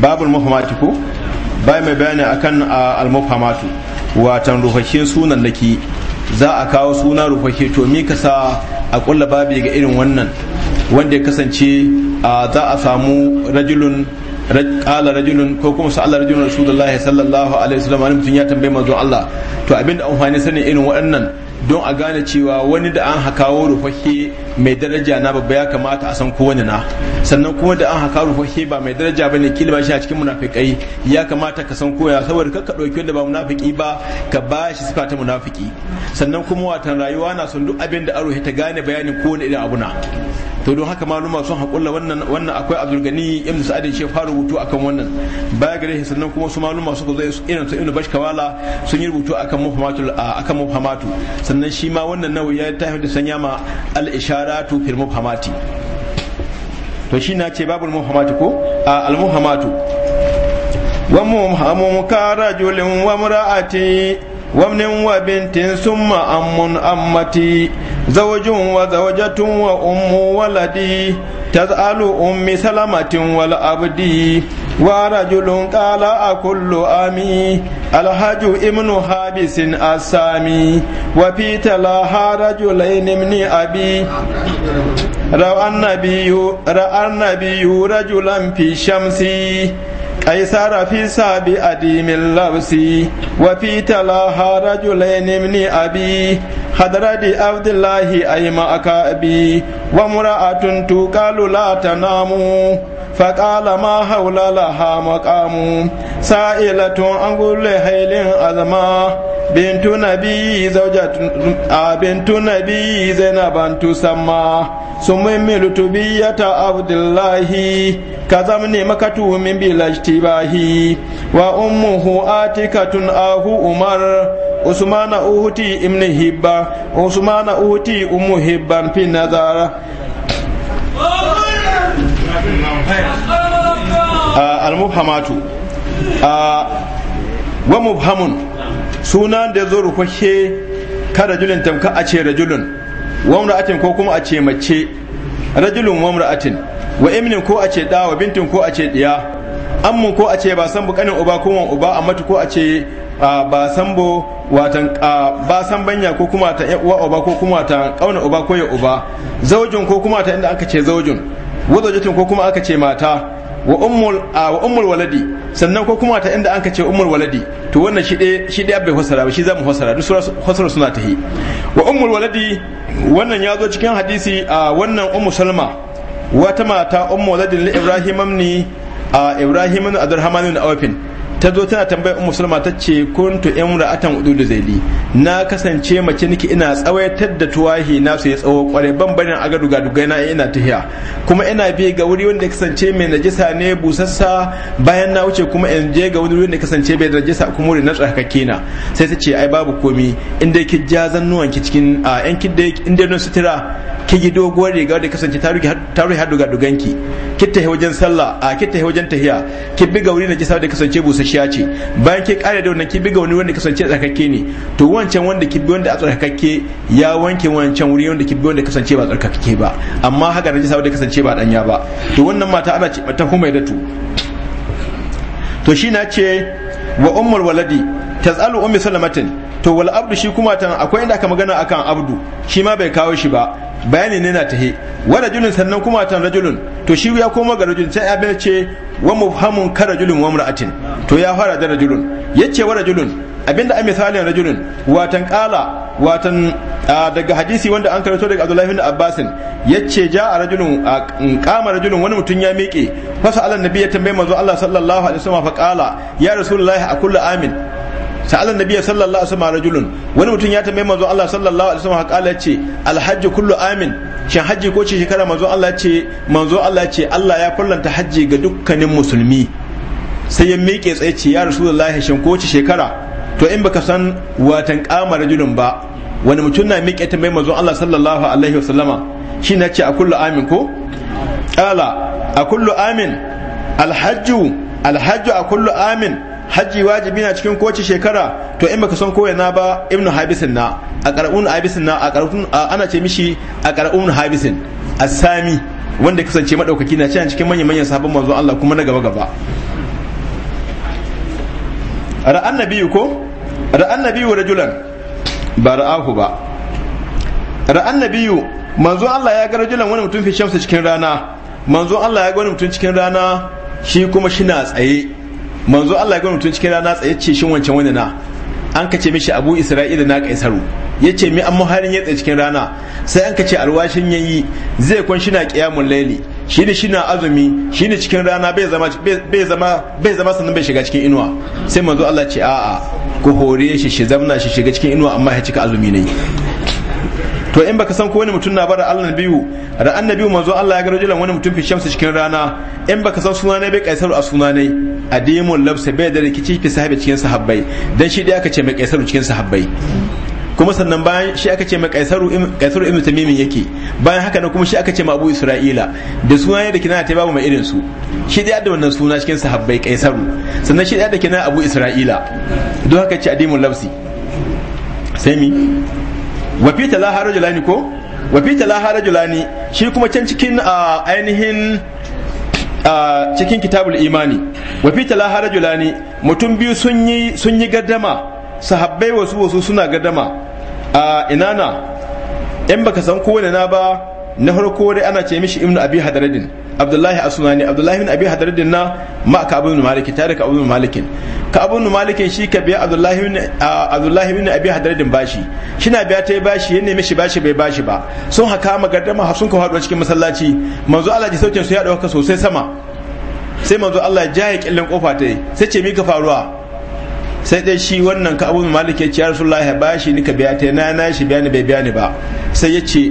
babul muhammati bai mai bayani akan al watan rufashe sunan ke za a kawo suna rufashe to mi kasa a kulla babi ga irin wannan wanda ya kasance za a samu rajulun kala rajulun ko kuma sa'ala rajulun rasulullahi sallallahu alaihi wasallam mutum ya tambaye manzo Allah to abinda amfani sanin irin waɗannan don a gane cewa wani da an hakawo rufahe mai daraja na babba ya kamata a san ko wani na sannan kuma da an haka rufahe ba mai daraja ba ne kila shi a cikin munafikai ya kamata ka san koya saboda kakka ɗauki wanda ba munafiki ba ka ba shi sifa ta munafiki sannan kuma watan rayuwa na son duk abin da aro ta gane bayanin ko wani irin abu na to don haka maluma sun hakulla wannan wannan akwai gani ibn sa'adin shi fara rubutu akan wannan baya gare shi sannan kuma su maluma suka zo irin su ibn bashkawala sun yi rubutu akan muhammatu. akan mufhamatu sannan shi ma wannan nawi ya ta hadu sanya ma al isharatu fil mufhamati to shi na ce babul mufhamati ko a al mufhamatu wa mumhamu karajulin wa mar'ati wa min wa bintin summa ammun ammati zawjun wa zawjatun wa ummu waladi taz'alu ummi salamatin wal abdi ورجل قال أكل أمي الحج ابن حابس السامي وفي تلاها رجلين من أبي رأى النبي رأى النبي رجلا في شمسي أي سار في سابي أديم اللبس وفي تلاها رجلين من أبي خضرد عبد الله أي ما أكابي ومرأة تقال لا تنام فقال ما حول لها مقام سائلة عن كل هيل أزما بنت نبي زوجة بنت نبي زينب تسمى سمي ملتبية عبد الله Kazamini maka tuku min biya lashe wa un muhu atika umar usumana un hutin hibba usumana un hutin un muhiɓan finazana. Ah, Alamu Hamatu, ah, wa muhammudin suna ne zai rufe ka da julinta ka a cewa julin, wamre atin ko kuma a ce mace ra julin wamre wa imnin ko a ce da wa bintin ko a ce diya ammun ko a ce ba san bu uba ko wan uba amma ko a ce ba san bo watan ba san banya ko kuma ta uwa uba ko kuma ta kauna uba ko ya uba zaujin ko kuma ta inda aka ce zaujin wazajatin ko kuma aka ce mata wa ummul wa ummul waladi sannan ko kuma ta inda aka ce ummul waladi to wannan shi dai shi dai bai fassara ba shi zamu fassara duk sura fassara suna tahi wa ummul waladi wannan ya zo cikin hadisi a wannan ummu salma wata mata ummu ladin ibrahim ibn ibrahim ibn ah, abdurrahman Awafin. ta zo tana tambayar ummu sulma ta ce kuntu hudu da zaili na kasance mace niki ina tsawaitar da tuwahi na su ya tsawo kware ban a aga duga duga na ina tahiya kuma ina bi ga wuri wanda kasance mai najisa ne busassa bayan na wuce kuma in je ga wuri wanda kasance bai najisa kuma wuri na tsakakke na sai ta ce ai babu komi inda ki ja zannuwan ki cikin yan kidda inda in sutura ki gido doguwar riga wanda kasance ta rufe har duga duganki ki tahi wajen sallah a ki tahi wajen tahiya ki bi ga wuri najisa wanda kasance busassa zuciya ce bayan ke kare da wannan ki biga wani wanda kasance tsarkake ne to wancan wanda ki bi wanda a tsarkake ya wanke wancan wuri wanda ki bi wanda kasance ba tsarkake ba amma haka na jisa wanda kasance ba danya ba to wannan mata ana ce ta kuma da to shi na ce wa ummul waladi tasalu ummi salamatin to wal abdu shi kuma tan akwai inda aka magana akan abdu shi ma bai kawo shi ba bayani ne na tahe wa rajulun sannan kuma tan rajulun to shi ya koma ga rajulun sai abin ce wa mubhamun ka rajulun wa imra'atin to ya fara da rajulun yace wa rajulun abinda a misalin rajulun watan kala watan daga hadisi wanda an karanto daga Abdullahi Abbasin yace ja a rajulun kama rajulun wani mutum ya miƙe fasa alan nabi ya tambaye manzo Allah sallallahu alaihi wasallam fa kala ya rasulullahi a kullu amin na annabi sallallahu alaihi wasallam rajulun wani mutum ya tambaye manzo Allah sallallahu alaihi wasallam haƙala ce alhajj kullu amin shin haji ko ce shekara manzo Allah ce manzo Allah ce Allah ya kullanta haji ga dukkanin musulmi sai ya miƙe tsaye ce ya rasulullahi shin ko ce shekara to in baka san watan kama rajulun ba wani mutum na miƙe tambaye manzo Allah sallallahu alaihi wasallama shi na ce a kullu amin ko kala a kullu amin alhajju alhajju a kullu amin hajji wajibi na cikin kowace shekara to in baka san ko yana ba ibnu habisin na a qara'un habisin na a qara'un ana ce mishi a qara'un habisin asami wanda kasance madaukaki na cikin cikin manyan manyan sahabban manzo Allah kuma na gaba gaba ra'an annabi ko ra'an nabiyyu rajulan ba ra'ahu ba ra'an annabi manzo Allah ya ga rajulan wani mutum fi shamsa cikin rana manzo Allah ya ga wani mutum cikin rana shi kuma shi na tsaye manzo Allah ya gano mutum cikin rana tsaye ce shin wancan wani na an kace mishi abu isra'ila na kaisaru ya ce mi an muharin ya tsaye cikin rana sai an kace alwashin yayi zai kun shi na qiyamul layli shi ne shi na azumi shi ne cikin rana bai zama bai zama bai zama sannan bai shiga cikin inuwa sai manzo Allah ce a'a ku hore shi shi zamna shi shiga cikin inuwa amma ya cika azumi ne to in baka san ko wani mutum na ba Allah annabiyu da annabiyu manzo Allah ya ga rajulan wani mutum fi shamsu cikin rana in baka san suna ne bai kaisaru a suna ne adimul labsa bai da rikici fi sahabi cikin sahabbai dan shi dai aka ce mai kaisaru cikin sahabbai kuma sannan bayan shi aka ce mai kaisaru kaisaru ibnu tamimin yake bayan haka nan kuma shi aka ce ma abu isra'ila da suna ne da kina ta babu mai irin su shi dai da wannan suna cikin sahabbai kaisaru sannan shi dai da kina abu isra'ila don haka ce adimul labsi sai mi wa ta lahara julani ko wa ta lahara julani shi kuma can cikin ainihin cikin kitabul imani wa ta lahara julani mutum biyu sun yi sun yi gaddama sahabbai wasu wasu suna gaddama a inana in baka san kowane na ba na harko dai ana ce mishi ibnu abi hadaradin abdullahi asunani abdullahi ibn abi hadaradin na ma ka abu maliki tare ka abu malikin ka abu malikin shi ka biya abdullahi ibn abdullahi ibn abi hadaradin bashi shina biya tai bashi yanne mishi bashi bai bashi ba sun haka magardama har sun ka hadu cikin masallaci manzo Allah ji saukin su ya dauka sosai sama sai manzo Allah ya jaye killin kofa tai sai ce mi ka faruwa sai dai shi wannan ka abu malik ya ce ya rasulullahi bashi ni ka biya tai na na shi biya ni bai biya ni ba sai ya ce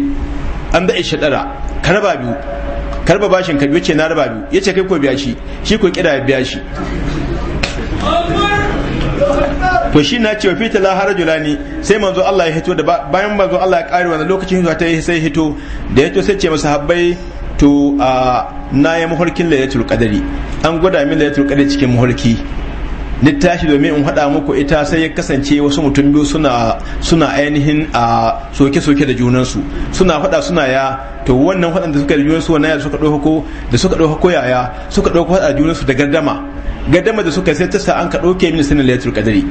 an daɗe shi dara ka raba biyu ka raba bashin ka ce na raba biyu ya ce kai ko biya shi shi ko kira biya shi ko shi na ce wa fita la harajulani sai manzo Allah ya hito da bayan manzo Allah ya kare wannan lokacin zuwa ta sai hito da ya to sai ce masa habbai to na ya muhorkin lailatul qadari an gwada min lailatul qadari cikin muhorki littashi domin in haɗa muku ita sai ya kasance wasu mutum biyu suna suna ainihin a soke-soke da junansu suna faɗa suna ya to wannan faɗan da suka da junansu wannan ya suka ɗauko da suka ɗauko yaya suka ɗauko faɗa junansu da gardama gardama da suka sai ta sa an ka ɗauke mini sanin layatul qadari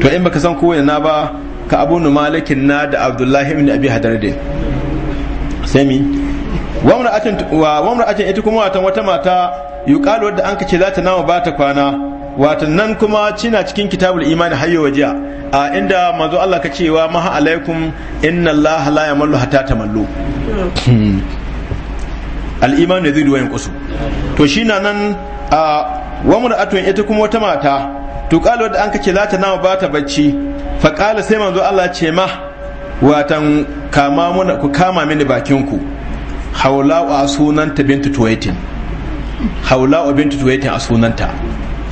to in baka san ko na ba ka abu nu malikin na da abdullahi ibn abi hadarde sai mi wa mra'atin ita kuma wata mata yuqalu wadda an kace za ta nama ba ta kwana wato nan kuma cina cikin kitabul imani yau wajiya a inda manzo Allah ka cewa maha alaikum inna Allah la yamallu hatta tamallu hmm. al-iman zidu wa kusu. to shi na nan a wa mur'atun ita kuma wata mata to qalu wadda an kace za ta nama ba ta bacci fa qala sai manzo Allah ce ma watan kama ku kama mini bakin ku haula wa sunanta bintu tuwaitin haula bintu tuwaitin a sunanta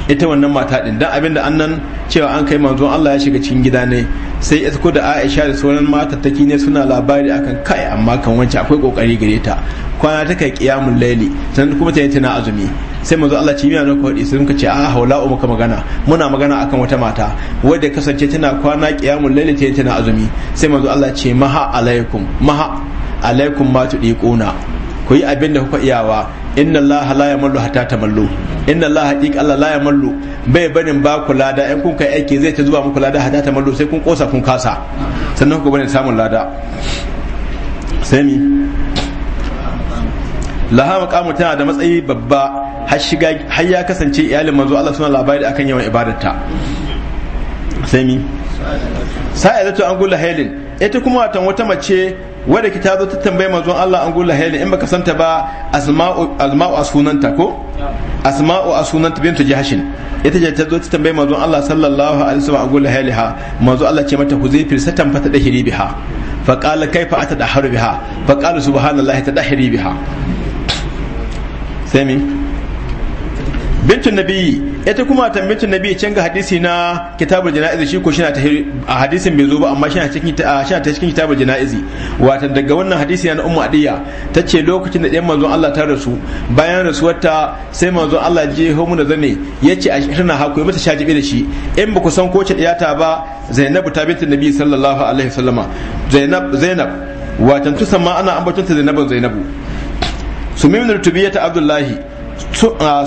ita wannan mata din dan abinda annan cewa an kai manzon Allah ya shiga cikin gida ne sai isko da Aisha da sauran matattaki ne suna labari akan kai amma kan wance akwai kokari gare ta kwana ta kai qiyamul layli san kuma ta yi tana azumi sai manzon Allah cimiya na kwadi sai muka ce a ah, haula muka magana muna magana akan wata mata wadda kasance tana kwana qiyamul layli ta yi tana azumi sai manzon Allah ce maha alaikum maha alaikum ma tudiquna ku yi abin da kuka iyawa inna allaha la yamallu hatta tamallu inna allaha haqiqa allah la yamallu bai barin ba ku lada in kun kai aiki zai ta zuba muku lada hatta tamallu sai kun kosa kun kasa sannan ku barin samun lada sai mi laha maqamu tana da matsayi babba har shiga har ya kasance iyalin manzo Allah suna labari akan yawan ibadarta sai mi to an gulla hailin ita kuma watan wata mace wadda ki ta zo ta tambaye manzon Allah an gulla hayalin in baka santa ba asma'u asma'u asunanta ko asma'u asunanta bintu jahshin ita ce ta zo ta tambaye manzon Allah sallallahu alaihi wasallam an gulla ha manzon Allah ce mata huzaifir satan fata dahiri biha fa qala kaifa atadaharu biha fa qala subhanallahi tadahiri biha sai bintun nabi ita kuma ta bintun nabi can ga hadisi na kitabul jana'izi shi ko shina ta hadisin bai zo ba amma shina cikin shina ta cikin kitabul jana'izi wato daga wannan hadisi na ummu adiya tace lokacin da ɗan manzon Allah ta rasu bayan rasuwarta sai manzon Allah je homu da zane yace a shirna haku mata shajibe da shi in ba ku san ko ce yata ba Zainabu ta bintun nabi sallallahu alaihi wasallama Zainab Zainab watan ma ana ambatonta Zainab Zainabu sumi min rutubiyata Abdullahi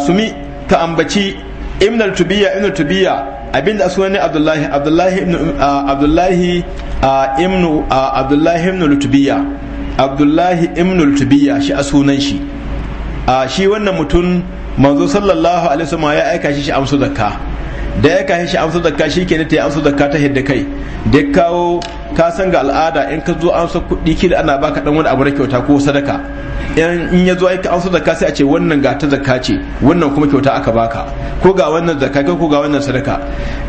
sumi ka ambaci ibn al-tubiya ibn al-tubiya abinda sunan ne abdullahi abdullahi ibn uh, uh, uh, abdullahi ibn abdullahi ibn al-tubiya abdullahi ibn al-tubiya shi a sunan shi shi wannan mutum manzo sallallahu alaihi wasallam ya aika shi shi amsu zakka da ya kashe shi amsa zakka shi ke ta yi amsa zakka ta hidda kai da kawo ka san ga al'ada in ka zo amsa kuɗi kila ana baka dan wani abu na kyauta ko sadaka in ya zo aika amsa zakka sai a ce wannan ga ta zakka ce wannan kuma kyauta aka baka ko ga wannan zakka ko ga wannan sadaka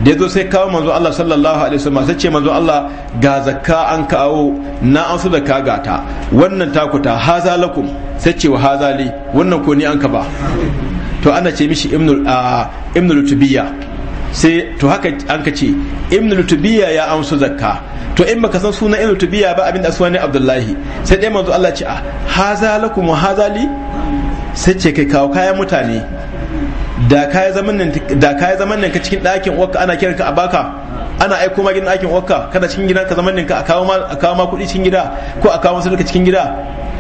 da ya zo sai kawo manzo Allah sallallahu alaihi wasallam sai ce manzo Allah ga zakka an kawo na amsa zakka ga ta wannan takuta haza lakum sai ce wa hazali wannan ko ni an ka ba to ana ce mishi ibnul ibnul tubiya sai to haka an ka ce ibn lutubiya ya amsu zakka to in baka san sunan ibn lutubiya ba abin da sunan abdullahi sai dai manzo Allah ce a ah, haza lakum wa haza li sai ce kai kawo kayan mutane da kayan zaman nan da kayan zaman nan ka cikin ɗakin uwarka ana kiran ka a baka ana aiko ma gidan ɗakin uwarka kada cikin gidan ka zaman nan ka a kawo ma a kawo ma kuɗi cikin gida ko a kawo masu cikin gida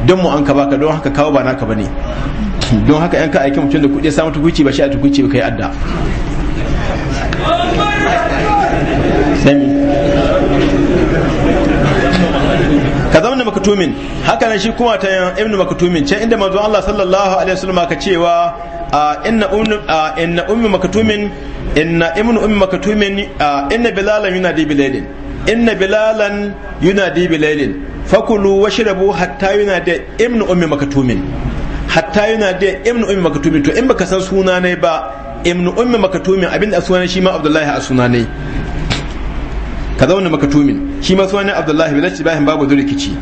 don mu an ka baka don haka kawo ba naka bane don haka yan ka aiki mutum da kuɗi ya samu tukuci ba shi a tukuci ba kai adda sami ka zama da makatumin haka nan shi kuma ta ibnu makatumin can inda manzo Allah sallallahu alaihi wasallam ka cewa inna inna ummi makatumin inna ibnu ummi makatumin inna bilalan yuna yunadi biladin inna bilalan yuna yunadi biladin fakulu washrabu hatta yuna da ibnu ummi makatumin hatta yuna da ibnu ummi makatumin to in baka san suna ne ba ibnu ummi makatumin abinda a sunan shi ma Abdullahi a suna ne ka zauna makatumin shi ma sunan abdullahi bin ibrahim babu rikici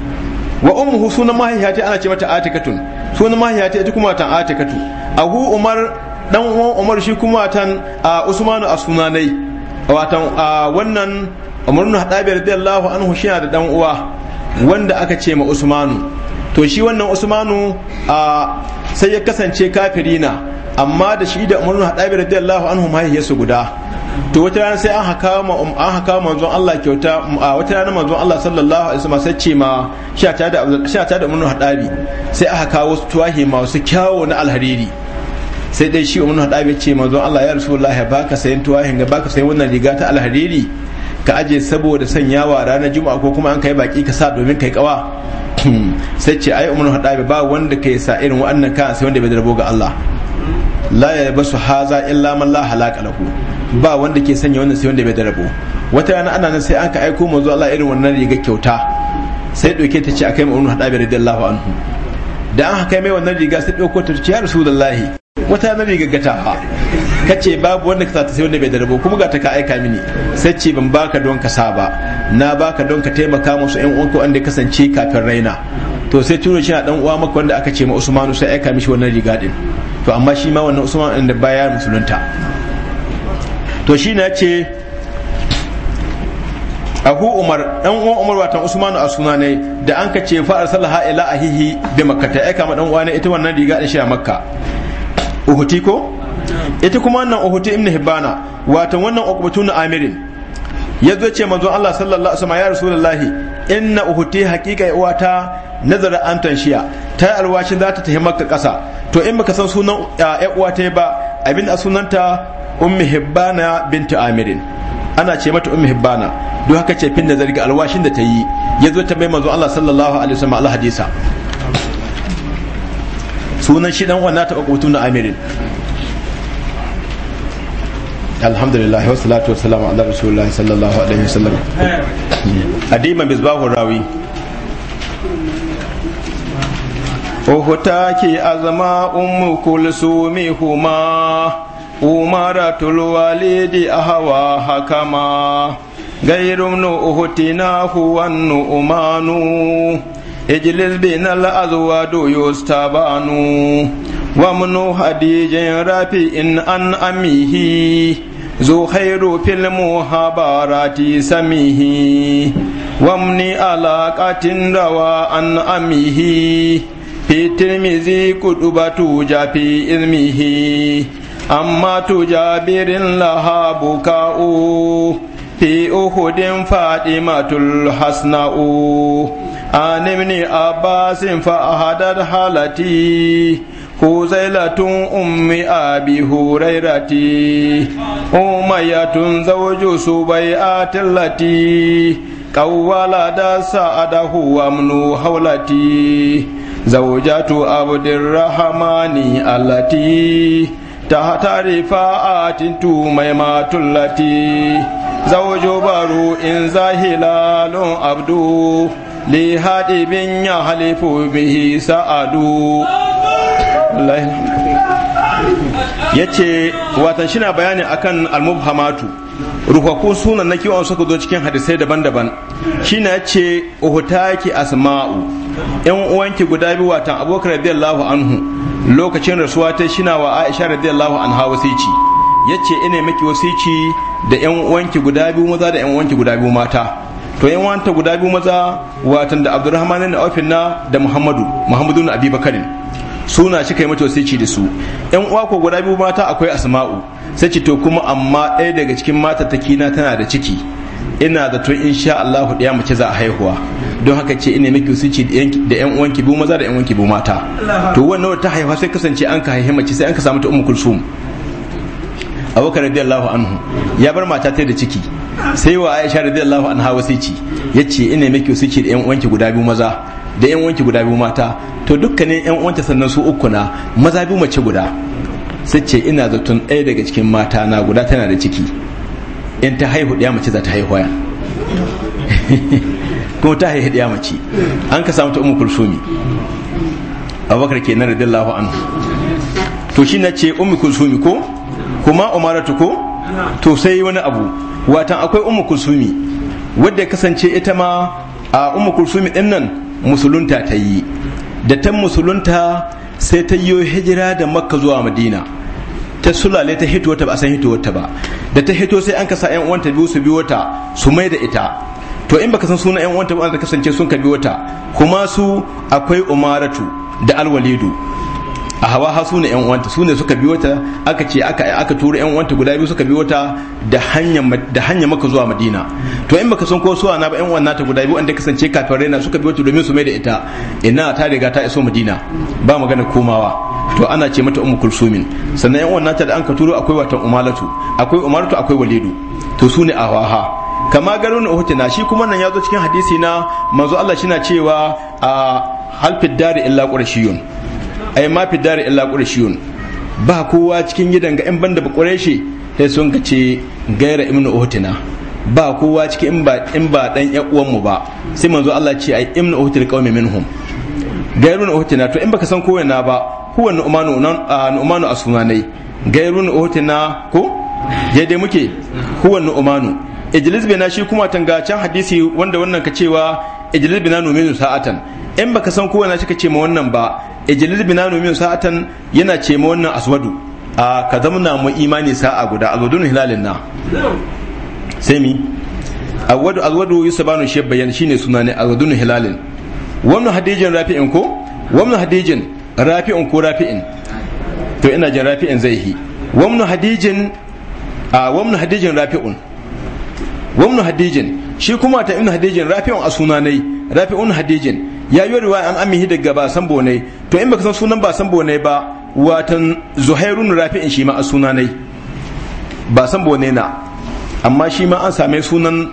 wa ummuhu sunan ta ana ce mata atikatun sunan ta ita kuma tan atikatu abu umar dan uwan umar shi kuma tan usmanu asunanai watan wannan umar hadabi radiyallahu anhu shi da dan uwa wanda aka ce ma usmanu to shi wannan usmanu sai ya kasance kafirina amma da shi da umar hadabi radiyallahu anhu su guda to wata rana sai an haka ma um, an haka manzon Allah kyauta a wata rana manzon Allah sallallahu alaihi wasallam sai ce ma sha ta da sha ta da mun hadabi sai aka kawo wasu tuwahi wasu kyawo na alhariri sai dai shi umar hadabi ce manzon Allah ya rasulullahi baka sayan tuwahin ga baka sayan wannan riga ta alhariri ka aje saboda sanyawa ranar juma'a ko kuma an kai baki ka sa domin kai kawa hmm. sai ce ai umar hadabi ba wanda kai sa irin wannan ka sai wanda bai darbo ga Allah la ya yalbasu haza illa man la halaka lahu ba wanda ke sanya wannan sai wanda bai da rabo wata rana ana nan sai an ka aiko manzo Allah irin wannan riga kyauta sai dauke ta ce akai mu ibn hadabi radiyallahu anhu da an kai mai wannan riga sai dauko ta ce ya rasulullahi wata rana riga gata ha kace babu wanda ka sata sai wanda bai da rabo kuma ga ta ka aika mini sai ce ban baka don ka saba na baka don ka taimaka musu ƴan uwanka wanda kasance kafin raina to sai tuno shi na dan uwa maka wanda aka ce ma Usmanu sai aika mishi wannan riga din to amma shi ma wannan usman da baya musulunta to shi na ce abu umar dan uwan umar watan usman a suna ne da an ka ce fa arsalaha ila ahihi da makkata ai kama dan uwa ita wannan riga da shi a makka uhuti ko ita kuma wannan uhuti ibn hibana watan wannan uqbatun amirin ya zo ce manzon Allah sallallahu alaihi wasallam ya rasulullahi inna uhti haqiqa uwata nazara antan shiya ta alwashin za ta tahi makka kasa to in baka san sunan ya uwata ba abin a sunanta ummi hibbana bint amirin ana ce mata ummi hibbana don haka ce fin nazari ga alwashin da ta yi ya zo ta mai manzon Allah sallallahu alaihi wasallam al hadisa sunan shi dan wannan ta na amirin alhamdulillah wa salatu wa salamu ala rasulullahi sallallahu alaihi wasallam adima misbahu rawi Uhutaki azama ummu kulsumi huma umaratul walidi ahwa hakama gairun ijlis binal azwadu yustabanu Wamnu Hadijin rafi in an aminu yi. Zuhairu filmu habarati sami yi. Wamni alakatin rawa an aminu yi. Fitiri misi kuɗu ba tujafi irin yi. Amma tujabirin laha buka u. Fi'o kudin faɗi matulhas An nama abacin fa a hadar Ku ummi a biyu umayatun ta. Umar ya tun zawajin Suwaiba a tallafi. Kawuna na da sa adahu a munafarratai. Zawajatu Abudulrahma ni alati. Taha tare fa a titun maima a tallafi. in za abdu. Lihadi ya halarci ya ce watan shi na bayani akan almubhamatu rukwakun sunan na kiwon suka zo cikin hadisai daban-daban shi na ce uhutaki asma'u yan uwanki guda biyu watan abokan radiyallahu anhu lokacin rasuwa ta shi na wa aisha radiyallahu anha wasici ya ce ina miki wasici da yan uwanki guda biyu maza da yan uwanki guda biyu mata to yan wanta guda biyu maza watan da abdurrahman na da muhammadu muhammadu na abubakarin suna shi kai mata ci da su yan uwa ko guda biyu mata akwai asma'u sai cito to kuma amma ɗaya daga cikin mata ta kina tana da ciki ina da in insha Allah ɗaya mace za a haihuwa don haka ce ina miki ci da yan uwanki biyu maza da yan uwanki biyu mata to wannan ta haihuwa sai kasance an ka haihi mace sai an ka samu ta ummu kulsum abubakar radiyallahu anhu ya bar mata ta da ciki sai wa aisha radiyallahu anha wasici yace ina miki wasici da yan uwanki guda biyu maza da yan uwanki guda biyu mata to dukkanin yan uwanta sannan su uku na maza biyu mace guda sai ce ina zaton ɗaya daga cikin mata na guda tana da ciki in ta haihu ɗaya mace za ta haihu ya kuma ta haihu ɗaya mace an ka samu ta umu kulsumi abubakar kenan radiyallahu anhu to shi na ce ummi kulsumi ko kuma umaratu ko to sai wani abu watan akwai ummu kulsumi wadda kasance ita ma a ummu kulsumi din nan musulunta ta yi da ta musulunta sai ta yi hijira da makka zuwa madina ta sulale ta hito ta ba a san ta ba da ta hito sai an kasa yan uwanta biyu su biyo ta su mai da ita to in baka san sunan yan uwanta ba ta kasance sun ka biyo ta kuma su akwai umaratu da alwalidu a hawa ha sune yan uwanta sune suka biyo ta aka ce aka aka turo yan uwanta guda biyu suka biyo ta da hanya da hanya maka zuwa madina to in baka san ko suwa na ba yan uwan nata guda biyu wanda kasance kafin raina suka biyo ta domin su mai da ita ina ta riga ta iso madina ba magana komawa to ana ce mata ummu kulsumin sannan yan uwan nata da an ka turo akwai watan umalatu akwai umaratu akwai walidu to sune a hawa kama garin na shi kuma nan ya zo cikin hadisi na manzo Allah shi na cewa a halfid dari illa qurashiyun A ma fi dari illa qurashiyun ba kowa cikin gidan ga in banda ba qurashi sai sun ka ce gaira ibnu uhtina ba kowa cikin in ba in ba dan ya uwan mu ba sai manzo Allah ce ai ibnu uhtil qaumi minhum gairun uhtina to in baka san ko na ba huwa nu'manu nu'manu ah, asunanai gairun uhtina ko je dai muke huwa umanu ijlis bina shi kuma tanga can hadisi wanda wannan ka cewa ijlis bina numinu sa'atan in baka san kowa na shi ka ce ma wannan ba ijlil binanu min sa'atan yana ce ma wannan aswadu a ka zamna mu imani sa'a guda azwadun hilalin na sai mi azwadu azwadu yusbanu shebbayan shine suna ne azwadun hilalin wannan hadijin rafi'in ko wannan hadijin rafi'in ko rafi'in to ina jin rafi'in zai hi wannan hadijin a wannan hadijin rafi'un wannan hadijin shi kuma ta ina hadijin rafi'un a sunanai rafi'un hadijin ya yi riwaya an amihi daga ba san bone to in baka san sunan ba san bone ba watan rafi in shi ma a suna nai ba san bone na amma shi ma an same sunan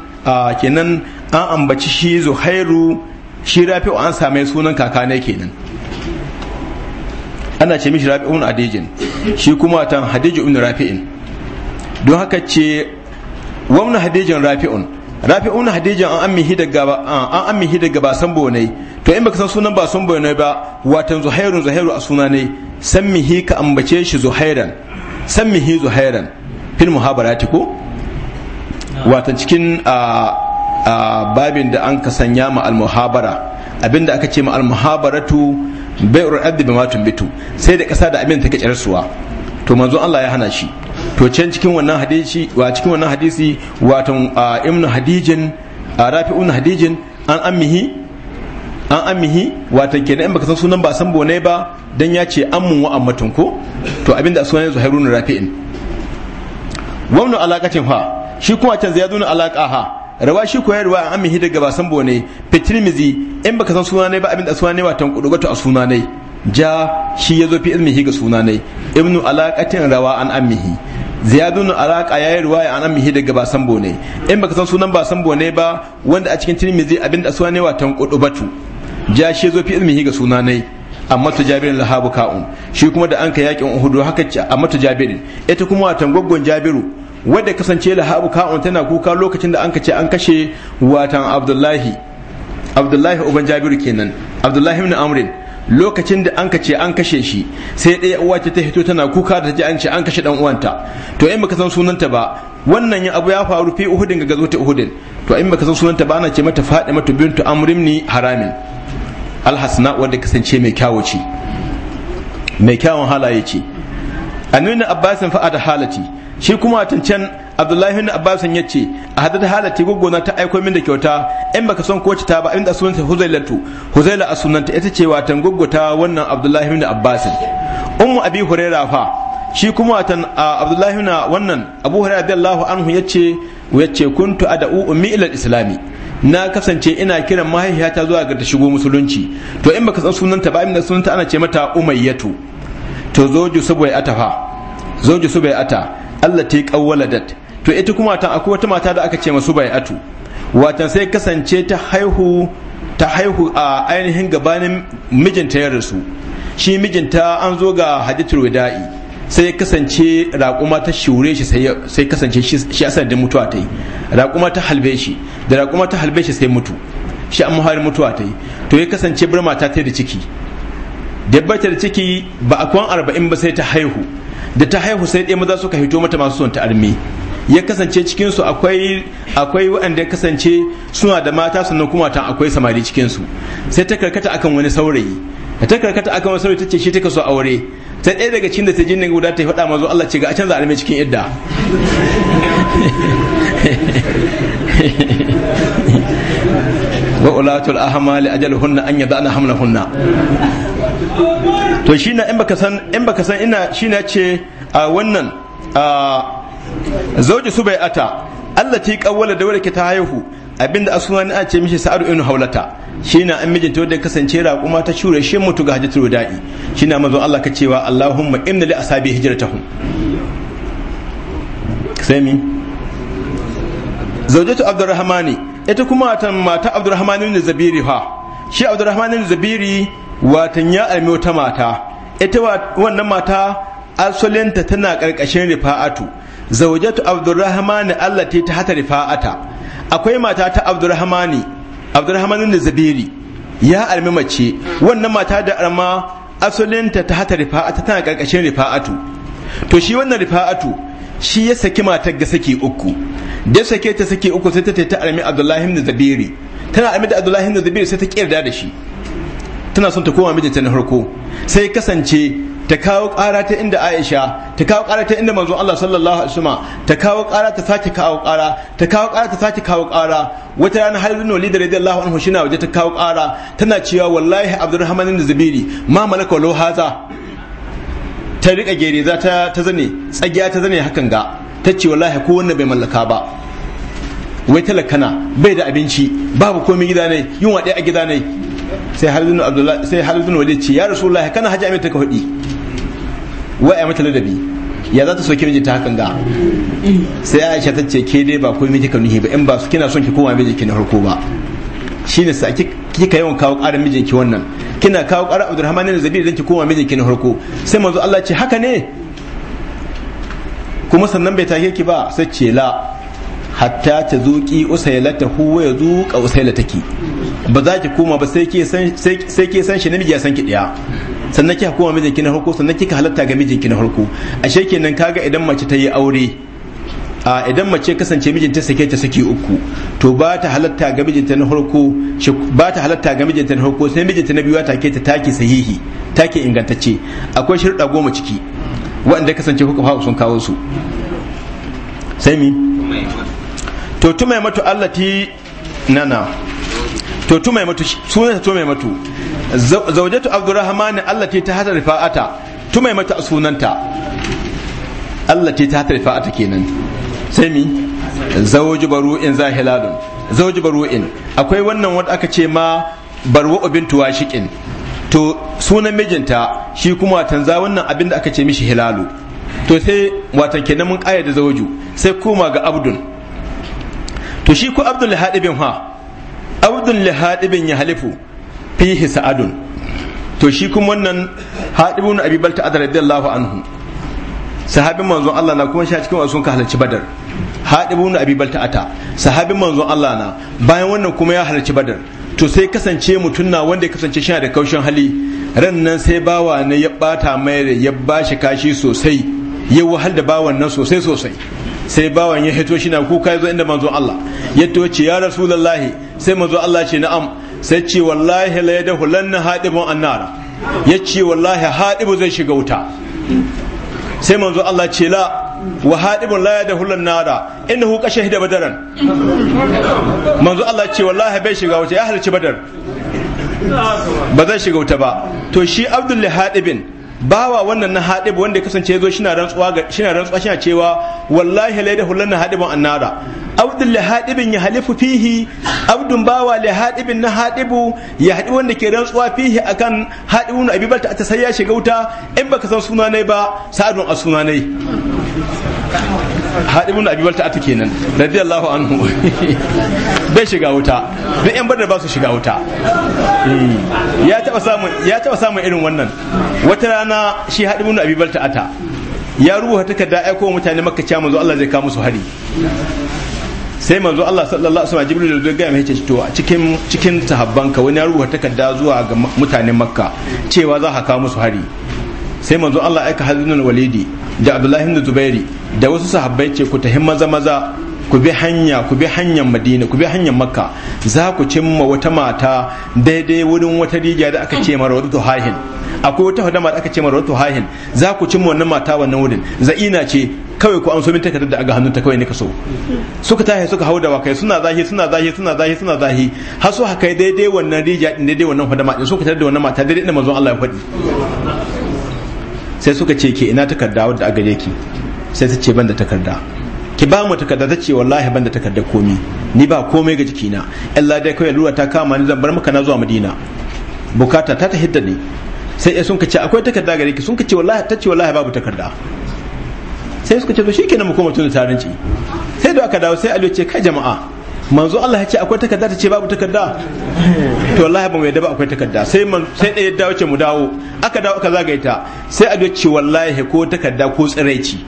kenan an ambaci shi zuhairu shi rafi'u an same sunan kaka kenan ana ce mishi rafi'un adijin shi kuma tan hadiju ibn rafi'in don haka ce wamna hadijin rafi'un rafi una hadijin an ammihi daga an ammihi daga ba san bone to in baka san sunan ba san bone ba watan zuhairun zuhairu a suna ne mihi ka ambace shi zuhairan mihi zuhairan fil muhabarati ko watan cikin babin da an ka sanya ma al muhabara abinda aka ce ma al muhabaratu bai'ur adbi ma bitu sai da kasa da abin take kirsuwa to manzo Allah ya hana shi to can cikin wannan hadisi wa cikin wannan hadisi wato ibn hadijin rafi ibn hadijin an ammihi an ammihi watan kenan in baka san sunan ba san bone ba dan ya ce ammun wa ammatun ko to abinda sunan zuhairun rafi'in wannan alakacin fa shi kuma can ziyadun alaka ha rawa shi koyarwa an ammihi daga ba san bone fitrimizi in baka san sunan ne ba abinda sunan ne watan kudugatu a sunan ne ja shi ya zo fi ilmihi ga sunanai ibnu alaqatin rawa an ammihi ziyadun alaka yayi ruwaya anan mihi daga basan bone in baka san sunan basan bone ba wanda a cikin tirmizi abinda suna ne kudu batu ja shi zo fi ilmihi ga sunanai amma tu jabirin lahabu ka'un shi kuma da an ka yakin uhudu haka ce amma tu jabirin ita kuma watan goggon jabiru wadda kasance lahabu ka'un tana kuka lokacin da an ce an kashe watan abdullahi abdullahi uban jabiru kenan abdullahi ibn amrin lokacin da an ce an kashe shi sai ɗaya uwa ta hito tana kuka da ta ji an ce an kashe dan uwanta to in baka san sunanta ba wannan ya abu ya faru fi uhudin ga gazo ta uhudin to in baka san sunanta ba ana ce mata tu bintu Amrimni haramin alhasna wanda kasance mai kyawu ce mai kyawun halaye ce annabi abbasin fa'ada halati shi kuma a can abdullahi bin abbas ya ce a hadar halatti gwaggona ta aiko min da kyauta in baka son kowace ta ba inda sunanta huzailatu huzaila a sunanta ita ce watan gwaggota wannan abdullahi bin abbas ummu abi huraira fa shi kuma watan abdullahi bin wannan abu huraira radiyallahu anhu ya ce ya ce kuntu ad'u ummi ila islami na kasance ina kiran mahaifiyata zuwa ga ta shigo musulunci to in baka san sunanta ba inda sunanta ana ce mata umayyatu to zoju saboda atafa zoju saboda ata Allah ta yi dat to ita kuma ta akwai wata mata da aka ce masu bai'atu watan sai kasance ta haihu ta haihu a ainihin gabanin mijinta ya rasu shi mijinta an zo ga hadithul wada'i sai kasance raƙuma ta shure shi sai kasance shi asan da mutuwa ta yi raƙuma ta halbe shi da raƙuma ta halbe shi sai mutu shi an muhari mutuwa ta yi to ya kasance bar mata ta da ciki da da ciki ba a kwan arba'in ba sai ta haihu da ta haihu sai ɗaya maza suka hito mata masu son ta armi ya kasance cikin su akwai akwai waɗanda ya kasance suna da mata sannan kuma ta akwai samari cikin su sai ta karkata akan wani saurayi da ta karkata akan wani saurayi tace shi take so aure ta ɗaya daga cikin da ta jinnin guda ta faɗa mazo Allah ce ga a canza armi cikin idda wa ulatul ahmal ajaluhunna an yadana hamlahunna to shi na in baka san in baka san ina shi na ce a wannan zauji su bai ata Allah ta yi kawwala da wadda ta haihu abinda a suna na ce mishi sa'adu inu haulata shi na an mijinta wadda kasance raƙuma ta shure shi mutu ga hajjatul da'i shi na mazo Allah ka cewa Allahumma imna li ashabi hijratahum sai mi zaujatu abdurrahmani ita kuma matan mata abdurrahmani ne zabiri ha shi abdurrahmani zabiri watan ya almi wata mata ita wannan mata asalinta tana karkashin rifa'atu zawjatu abdurrahmani allati ta hata rifa'ata akwai mata ta abdurrahmani abdurrahman da zabiri ya almi mace wannan mata da arma asalinta ta hata rifa'ata tana karkashin rifa'atu to shi wannan rifa'atu shi ya saki mata ga saki uku da sake ta saki uku sai ta ta almi abdullahi ibn zabiri tana almi da abdullahi ibn zabiri sai ta kirda da shi tana son ta koma mijinta na harko. sai kasance ta kawo ƙara ta inda Aisha ta kawo ƙara ta inda manzon Allah sallallahu alaihi wasallam ta kawo ƙara ta sake kawo ƙara ta kawo ƙara ta sake kawo ƙara wata rana Halid bin da allah anhu shina waje ta kawo ƙara tana cewa wallahi Abdurrahman bin Zubiri ma malaka lo haza ta rika gere za ta ta zane tsagiya ta zane hakan ga ta ce wallahi ko wannan bai mallaka ba wai talakana bai da abinci babu komai gida ne yunwa ɗaya a gida ne sai halidun abdullahi sai halidun walid ce ya rasulullahi kana haji amita ka hudi wai ai mata ladabi ya za ta soke miji ta hakan ga sai aisha ta ce ke dai ba ko miji ka nuhi ba in ba su kina son ki koma miji ki na harko ba shine sa kika yawan kawo ƙarar mijinki wannan kina kawo ƙarar abdurrahman ne zabi idan ki koma mijinki na harko sai manzo Allah ce haka ne kuma sannan bai take ki ba sai ce la hatta ta zuƙi usailata huwa ya usailata ki ba za ki koma ba sai ke san sai san shi namiji ya san ki ɗaya sannan kika koma mijinki na harko sannan kika halatta ga mijinki na harko ashe kenan kaga idan mace ta yi aure a idan mace kasance mijinta sake ta saki uku to ba ta halatta ga mijinta na harko ba ta halatta ga mijinta na harko sai mijinta na biyu ke ta taki sahihi ke ingantacce akwai shirda goma ciki wanda kasance kuka sun kawo su sai mi to tumai matu ti nana to tumai matu sunanta tumai matu zawjatu abdurrahman ti ta hada rifa'ata tumai matu sunanta ti ta hada rifa'ata kenan sai mi zawju baru'in zahilalun zawju baru'in akwai wannan wanda aka ce ma barwa bintu washiqin to sunan mijinta shi kuma za wannan abin da aka ce mishi hilalu to sai watan kenan mun kayyade zawju sai kuma ga abdun to shi ko abdul bin ha abdul bin ya halifu fihi sa'adun to shi kuma wannan hadibun abi balta adar anhu sahabin manzon Allah na kuma shi cikin wasu ka halarci badar hadibun abi balta ata sahabin manzon Allah na bayan wannan kuma ya halarci badar to sai kasance mutum na wanda ya kasance shi da kaushin hali ran nan sai bawa ne ya bata mai ya bashi kashi sosai ya wahal da bawan nan sosai sosai sai bawan ya hito shi na kuka ya zo inda manzon Allah ya ce ya rasulullahi sai manzon Allah ce na'am sai ce wallahi la yadahu lan hadibun annara ya ce wallahi hadibu zai shiga wuta sai manzon Allah ce la wa hadibun la yadahu lan nara innahu ka badaran manzon Allah ce wallahi bai shiga wuta ya halarci badar ba zai shiga wuta ba to shi abdullahi hadibin bawa wannan na haɗib wanda ya kasance ya zo shina rantsuwa shina cewa wallahi la yadahu lana haɗibun annara abdul la ya halifu fihi abdun bawa la haɗibin na haɗibu ya haɗi wanda ke rantsuwa fihi akan haɗibun abi balta ta sai ya shiga wuta in baka san suna ne ba sa'adun a suna ne haɗibun abi balta atu kenan an hu bai shiga wuta duk yan badar ba su shiga wuta eh, ya taɓa samun ya taɓa samun irin wannan wata rana shi haɗibun abi balta ta. ya rubuta takarda aiko mutane makka cewa manzo Allah zai kawo musu hari sai manzo Allah sallallahu alaihi wasallam Jibril da ga mai ce to cikin cikin tahabbanka wani ya rubuta takarda zuwa ga mutanen Makka cewa za ka kawo musu hari sai manzo Allah aika Khalid Walidi da Abdullahi bin Zubairi da wasu sahabbai ce ku tahimma maza maza ku bi hanya ku bi hanyar Madina ku bi hanyar Makka za ku cimma wata mata daidai wurin wata rijiya da aka ce mara wata hahin akwai wata hadama da aka ce mara wata hahin za ku cimma wannan mata wannan wurin za'ina ce kawai ku an so min takardar da aga hannun ta kawai ne ka so suka tashi suka hau da wakai suna zahi suna zahi suna zahi suna zahi har su haka daidai wannan rijiya daidai wannan hadama din suka tarar wannan mata daidai da manzon Allah ya faɗi sai suka ce ke ina takarda wadda a gare ki sai su ce ban da takarda ki ba mu takarda ta ce wallahi ban da takarda komi ni ba komai ga jikina Allah dai kawai lura ta kama ni zan bar maka na zuwa Madina bukata ta ta hidda ne sai ya sun ce akwai takarda gare ki sun ce wallahi ta ce wallahi babu takarda sai suka ce to shikenan mu koma tun da tarinci sai da aka dawo sai Aliyu ce kai jama'a manzo Allah ya ce akwai takarda ta ce babu takarda to wallahi ba mu yadda ba akwai takarda sai man sai da yadda wace mu dawo aka dawo aka zagaita sai a ce wallahi ko takarda ko tsiraici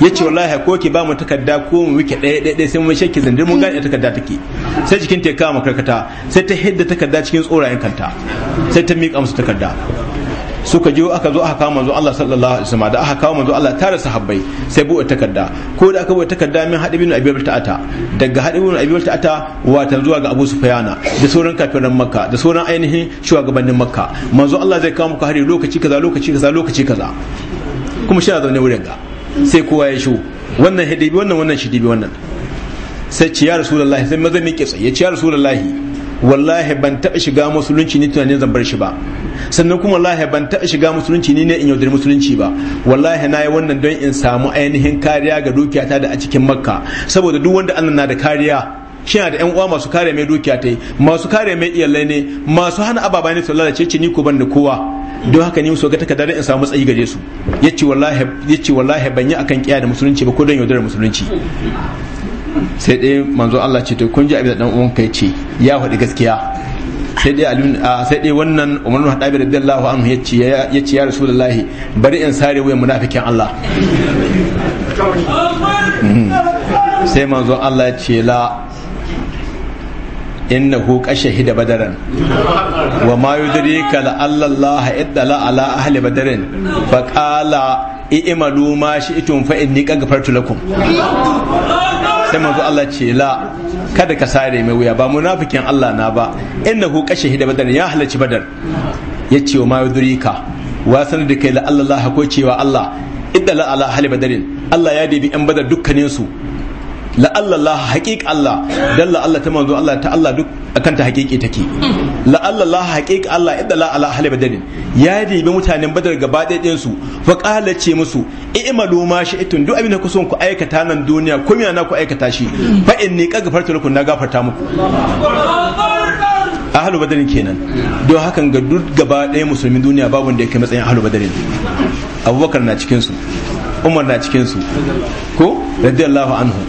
ya ce wallahi ko ki ba mu takarda ko mu wike ɗaya ɗaya ɗaya sai mu shakki zindir mun gane takarda take sai jikin ta kama karkata sai ta hidda takarda cikin tsorayen kanta sai ta miƙa musu takarda suka je aka zo aka kawo manzo Allah sallallahu alaihi wasallam da aka kawo manzo Allah tare sahabbai sai buɗe takarda ko da aka buɗe takarda min hadi bin abi ta'ata daga hadi bin abi ta'ata watan zuwa ga Abu Sufyana da sauran kafiran Makka da sauran ainihin shugabannin Makka manzo Allah zai kawo muku hari lokaci kaza lokaci kaza lokaci kaza kuma shi zaune wurin ga sai kowa ya shu wannan hidibi wannan wannan shidibi wannan sai ci ya rasulullahi sai maza miƙe tsaye ya ci ya rasulullahi wallahi ban taɓa shiga musulunci ni tunanin zan bar shi ba sannan kuma wallahi ban taɓa shiga musulunci ni ne in yaudari musulunci ba wallahi na yi wannan don in samu ainihin kariya ga dukiyata da a cikin makka saboda duk wanda allah na da kariya kina da 'yan uwa masu kare mai dukiya ta yi masu kare mai iyalai ne masu hana ababa ne su lalace ce ni ko ban da kowa don haka ni so ga takardar in samu tsayi gare su yace wallahi wallahi ban yi akan kiyaye da musulunci ba ko don yaudarar musulunci sai dai manzo Allah ce to kun ji abin da dan uwan kai ce ya faɗi gaskiya sai dai alun sai dai wannan Umar bin Khattab radiyallahu anhu yace yace ya Rasulullahi bari in sare wuyan munafikin Allah mhm. sai manzo Allah ya ce la innahu qashahida badaran wa ma yudrika la alla Allah iddala ala ahli badarin fa qala i'malu ma shi'tum fa inni qad lakum sai manzo Allah ce la kada ka sare mai wuya ba munafikin Allah na ba innahu hidda badar ya halarci badar ce wa mayudrika wa sanar da kai la Allah ko cewa Allah idda la ala hali badarin Allah ya debi yan badar dukkanin su la Allah la haqiq Allah la Allah ta manzo Allah ta Allah duk akan ta haqiqi take la'alla Allah haqiq Allah idda la ala ahli badrin ya dibi mutanen badar gaba ɗayan su fa qala ce musu i'malu ma shi'tun duk abin da kuson ku aikata nan duniya ko mina na ku aikata shi fa inni gafarta lakum na gafarta muku ahalu badarin kenan don hakan ga duk gaba ɗaya musulmin duniya babu wanda ya kai matsayin ahalu badarin abubakar na cikinsu umar na cikinsu ko radiyallahu anhu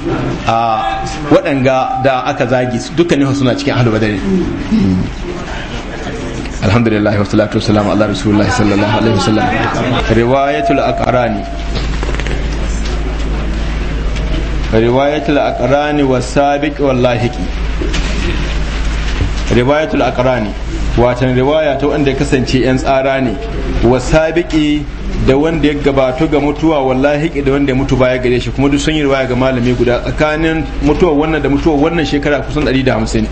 a waɗanga da aka zagi dukkanin suna cikin ahlul badari alhamdulillah wa salatu wa salam ala rasulullah sallallahu alaihi wasallam riwayatul aqrani riwayatul aqrani wasabiq wallahiqi riwayatul aqrani watan riwaya ta wanda ya kasance yan tsara ne wasabiki da wanda ya gabatu ga mutuwa wallahi da wanda ya mutu baya gare shi kuma duk sun yi riwaya ga malami guda tsakanin mutuwa wannan da mutuwa wannan shekara kusan 150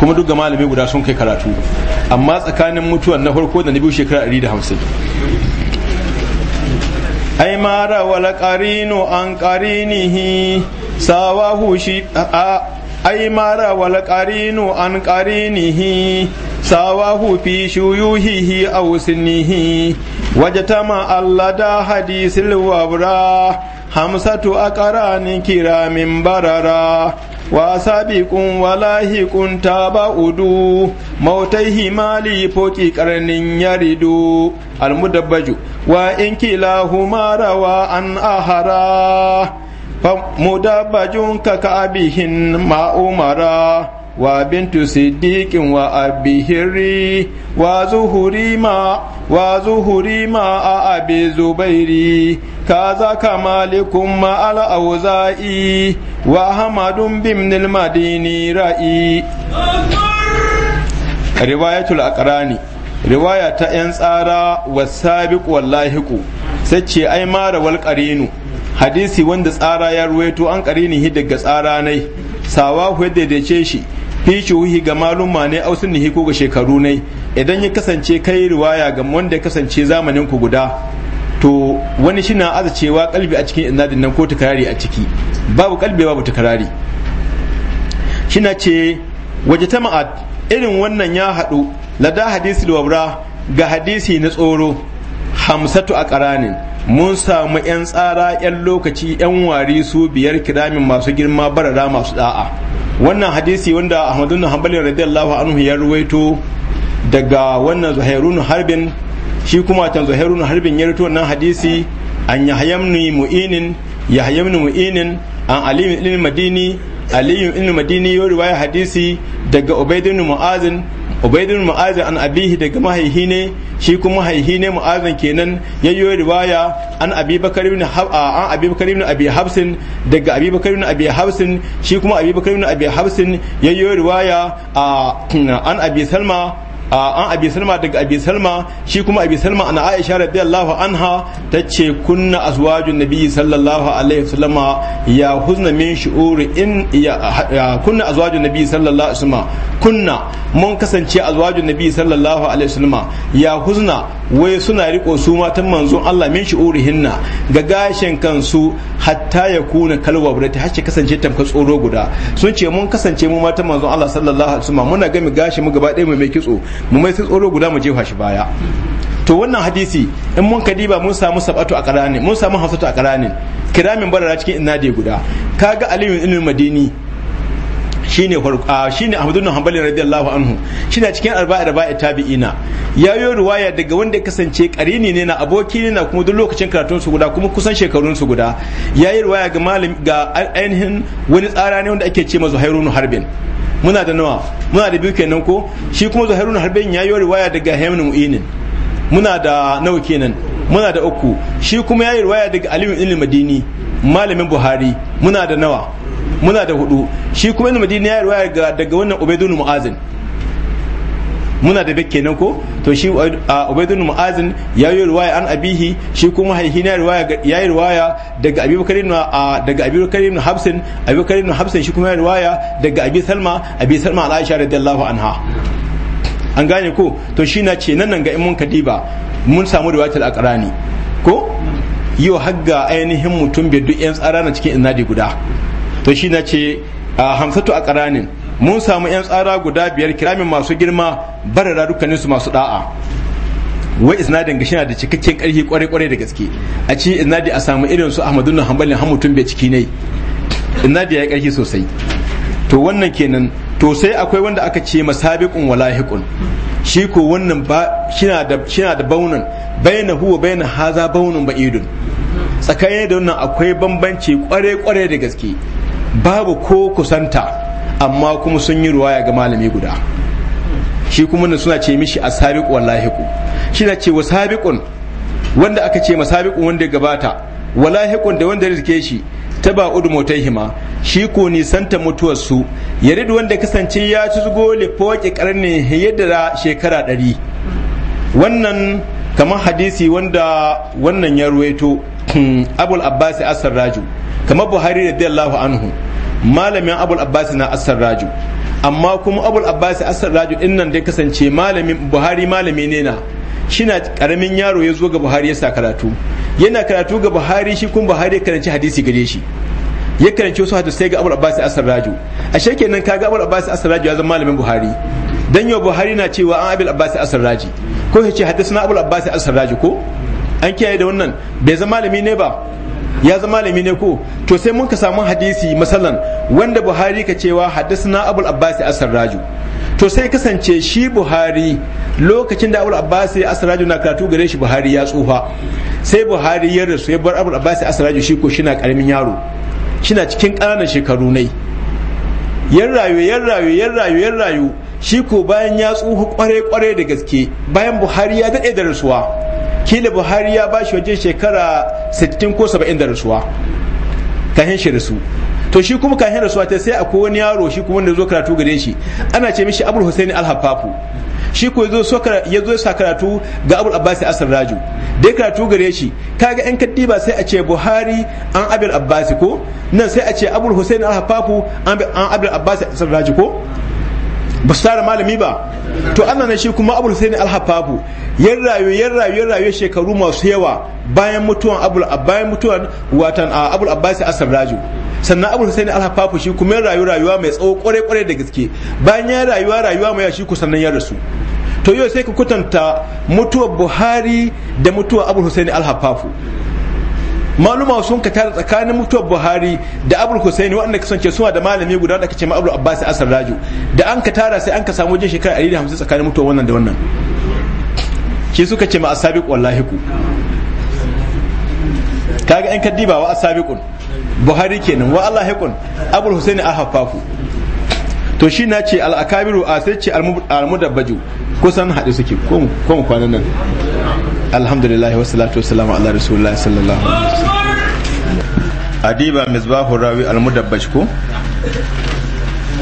kuma duk ga malami guda sun kai karatu amma tsakanin mutuwan na farko da na biyu shekara 150 ai mara wala qarinu an qarinihi sawahu shi ai mara wala qarinu an qarinihi sawahu fi shuyuhihi aw sinnihi wajtama allada hadisil wabra hamsatu aqrani kiramin barara wa sabiqun walahi kun taba udu mautaihi mali foƙi karnin yaridu almudabbaju wa in kilahuma rawa an ahara فمدبج ككعبهن ma أمرا wa bintu sidiqin wa abi wa zuhuri wa zuhuri a abi zubairi ka za ka malikun ma al’auza’i wa hamadun bimnil madini ra’i. Riwaya tula a ƙarani Riwaya ta ‘yan tsara wa sabi ƙwan lahiku sai ce ai mara wal hadisi wanda tsara ya ruwe to an ƙarini hidda ga tsara nai sawa huwa daidaice shi fi shuhi ga maluma ne au sunnihi ko ga shekaru ne idan ya kasance kai riwaya ga wanda ya kasance zamanin ku guda to wani shi na aza cewa kalbi a cikin inadin nan ko takarari a ciki babu kalbi babu takarari shi na ce waje ta ma'ad irin wannan ya haɗu lada hadisi wabra ga hadisi na tsoro hamsatu a ƙaranin mun samu 'yan tsara 'yan lokaci 'yan wari su biyar kiramin masu girma barara masu da'a wannan hadisi wanda ahmadu bin hanbali radiyallahu anhu ya ruwaito daga wannan zuhairun harbin shi kuma tan zuhairun harbin ya rito wannan hadisi an yahyamni mu'inin yahyamni mu'inin an alimin ilmin madini aliyu ibn madini ya riwaya hadisi daga ubaid ibn mu'azin ubaidun mu'azin an abihi daga mahaihi ne shi kuma mahaihi ne mu'azin kenan yayyo riwaya an abubakar ibn an abubakar ibn abi habsin daga abubakar ibn abi habsin shi kuma abubakar ibn abi habsin yayyo riwaya an abi salma an abi salma daga abi salma shi kuma abi salma ana aisha radiyallahu anha ta ce kunna azwajun nabiyyi sallallahu alaihi wasallama ya huzna min shu'uri in ya kunna azwajun nabiyyi sallallahu alaihi wasallama kunna mun kasance azwajun nabiyyi sallallahu alaihi wasallama ya huzna wai suna riko su matan manzon Allah min hinna ga gashin kansu hatta ya kuna kalwa burati har kasance tamka tsoro guda sun ce mun kasance mu matan manzon Allah sallallahu alaihi wasallama muna gami gashi mu gaba ɗaya mai kitso mu mai sai tsoro guda mu jefa shi baya to wannan hadisi in mun kadiba mun samu sab'atu a karani mun samu hafsatu a karani kiramin barara cikin innadi guda kaga aliyu ibn madini shine farko shine ahmadu bin hanbali radiyallahu anhu shine cikin arba'a da tabi'ina yayo ruwaya daga wanda ya kasance karini ne na aboki ne na kuma duk lokacin karatun su guda kuma kusan shekarun su guda yayi ruwaya ga malam ga ainihin wani tsara ne wanda ake ce ma zuhairun harbin muna da nawa muna da biyu kenan ko shi kuma zuhairun harbin ya yi riwaya daga haimun mu'inin muna da nawa kenan muna da uku shi kuma ya yi riwaya daga aliyu ibn madini malamin buhari muna da nawa muna da hudu shi kuma ibn madini ya yi riwaya daga wannan ubaidun mu'azin muna da bek kenan ko to shi uh, ubaidun mu'azin ya yi ruwaya an abihi shi kuma haihina ruwaya ya yi ruwaya daga abubakar ibn uh, daga abubakar ibn habsin abubakar ibn habsin shi kuma ya ruwaya daga abi salma abi salma al aisha radiyallahu anha an gane ko to shi na ce nan ga imun mun kadiba mun samu riwayatul aqrani ko yau hagga ainihin mutum bai duk yan tsara na cikin inadi guda to shi na ce uh, hamsatu aqranin mun samu 'yan tsara guda biyar kiramin masu girma barara su masu da'a wai isnadin gashi na da cikakken karfi kwarai kwarai da gaske a ci isnadi a samu irin su ahmadun hanbalin har mutum bai ciki ne isnadi ya yi karfi sosai to wannan kenan to sai akwai wanda aka ce masabiqun walahiqun shi ko wannan ba shina da shina da baunan baina huwa baina haza ba idun tsakanin da wannan akwai bambanci kwarai kwarai da gaske babu ko kusanta amma kuma sun yi ruwaya ga malami guda shi kuma nan suna ce mishi a wallahiqu shi na ce sabiqun wanda aka ce masabiqun wanda ya gabata walahiqun da wanda rike shi ta ba udu motaihima shi ko nisanta mutuwar su yarid wanda kasance ya ci zugo lifoki karni yadda da shekara ɗari wannan kamar hadisi wanda wannan ya ruwaito hmm, abul abbas asar raju kamar buhari radiyallahu anhu malamin abul abbas na asar raju amma kuma abul abbas asar raju din nan dai kasance malamin buhari malami ne na Shi na karamin yaro ya zo ga buhari ya sa karatu yana karatu ga buhari shi kun buhari ya karanci hadisi gare shi ya karanci wasu sai ga abul abbas asar raju sheke nan kaga abul abbas asar raju ya zama malamin buhari dan yau buhari na cewa an abul abbas asar raji ko ya ce na abul abbas asar raji ko an kiyaye da wannan bai zama malami ne ba ya zama malami ne ko to sai mun ka samu hadisi masalan wanda buhari ka cewa na abul abbasi asarraju to sai kasance shi buhari lokacin da abul abbasi asarraju na karatu gare shi buhari ya tsufa sai buhari ya rasu ya bar abul abbasi asarraju shi ko shina karamin yaro shina cikin ƙananan shekaru nai yan rayu yan rayu yan rayu yan rayu shi ko bayan ya tsufa kware kware da gaske bayan buhari ya dade da rasuwa kila buhari ya ba shi waje shekara 60 ko 70 da rasuwa kahin shi rasu to shi kuma kahin rasuwa ta sai akwai wani yaro shi kuma wanda zo karatu gare shi ana ce mishi abul husaini al-hafafu shi ko yazo ya zo sa karatu ga abul abbasi asar raju dai karatu gare shi kaga yan kaddiba sai a ce buhari an abul abbasi ko nan sai a ce abul husaini al-hafafu an abul abbasi asar raju ko ba su tara malami ba to ana na shi kuma abul husaini alhafafu yan rayu yan rayu yan rayu shekaru masu yawa bayan mutuwan abul bayan mutuwan watan abul abbasi asarraju sannan abul husaini alhafafu shi kuma yan rayu rayuwa mai tsawo kwarai kwarai da gaske bayan yan rayuwa rayuwa mai shi ku sannan ya rasu to yau sai ku kutanta mutuwar buhari da mutuwar abul husaini alhafafu maluma sun ka tare tsakanin mutuwar buhari da abul husaini wanda kasance suna da malami guda da kace ma abul abbas asar raju da an ka tara sai an ka samu wajen shekara 150 tsakanin mutuwar wannan da wannan shi suka ce ma asabiq wallahi ku kaga an diba wa asabiqun buhari kenan wa allah yakun abul husaini hafafu to shi na ce al'akabiru a sai ce al-mudabbaju kusan haɗe suke ko mu kwanan nan alhamdulillah wasu salatu wasu salamu ala rasulullah sallallahu alaihi wasallam adiba misbahu rawi almudabbash ko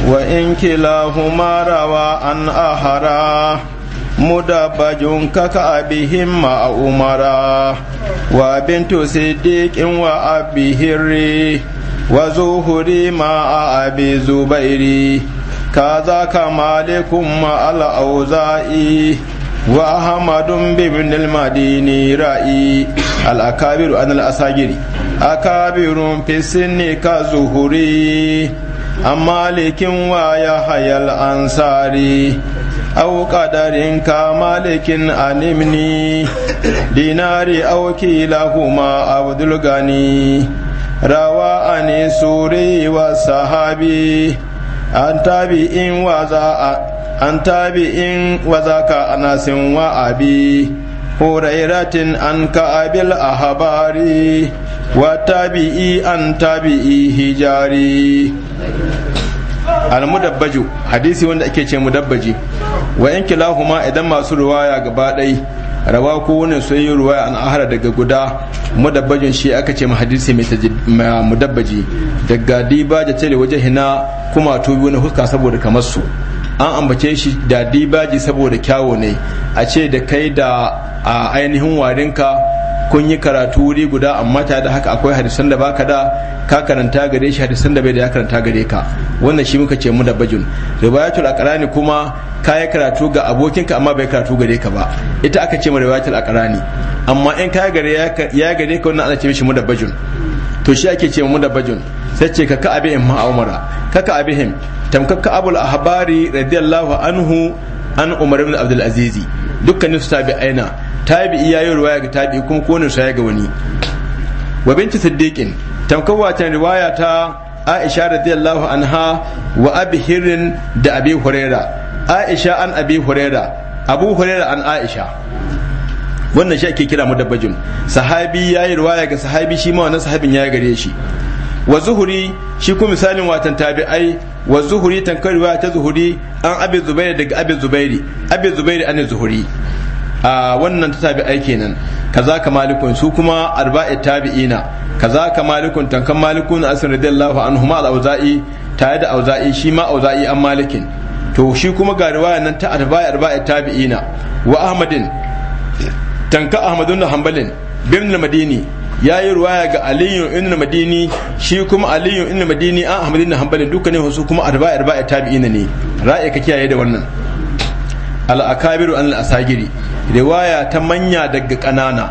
wa in kilahuma rawa an ahara mudabbajun kaka abihim ma umara wa bintu siddiqin wa abihirri wa zuhuri ma abi zubairi kaza ka malikun ma وأحمد بن المديني رأي الأكابر عن الأساجر أكابر في السن كزهري عن مالك ويحيى الأنصاري أو قدر كمالك عن ابني دينار أو كلاهما عبد الغني روى عن سوري والصحابي عن تابع وزاء an tabi in wa zaka anasin wa abi hurairatin an ka'abil habari. wa tabi'i an tabi'i hijari al mudabbaju hadisi wanda ake ce mudabbaji wa in kilahuma idan masu ruwaya gaba ɗai rawa ko wani sun yi ruwaya an ahara daga guda mudabbajin shi aka ce ma hadisi mai mudabbaji daga diba da tare wajen hina kuma tubi wani huska saboda kamar su an ambace shi da dibaji saboda kyawo ne a ce da kai da a ainihin warinka kun yi karatu wuri guda amma ta da haka akwai hadisan da baka da ka karanta gare shi hadisan da bai da ya karanta gare ka wannan shi muka ce mu da bajin riwayatul aqrani kuma ka yi karatu ga abokinka amma bai karatu gare ka ba ita aka ce mu riwayatul aqrani amma in ka gare ya gare ka wannan ana ce mishi mu da bajin to shi ake ce mu da bajin sai ce ka ka abi imma umara ka ka him tamkaka abul ahbari radiyallahu anhu an umar ibn abdul azizi dukkanin su tabi aina tabi iya yi riwaya ga tabi kuma kowane su ga wani wa binti siddiqin tamkar wacan riwaya ta aisha radiyallahu anha wa abi hirin da abi huraira aisha an abi huraira abu huraira an aisha wannan shi ake kira mudabbajin sahabi yayi riwaya ga sahabi shi ma wannan sahabin ya gare shi wa zuhuri shi ku misalin watan tabi'ai wa zuhuri tankarwa ta zuhuri an abin zubairi daga abin zubairi abin zubairi an zuhuri a wannan ta tabi'ai kenan kaza ka malikun su kuma arba'i tabi'ina kaza ka malikun tankan malikun asir radiyallahu anhuma al-auza'i tare da auza'i shi ma auza'i an malikin to shi kuma ga riwaya nan ta arba'i arba'i tabi'ina wa ahmadin tanka ahmadun hanbalin bin madini ya yi ruwaya ga aliyu inda madini shi kuma aliyu inda madini an na hambalin duka ne su kuma arba'a arba'a ina ne ra'ayi ka kiyaye da wannan Al'akabiru an al'asagiri asagiri riwaya ta manya daga kanana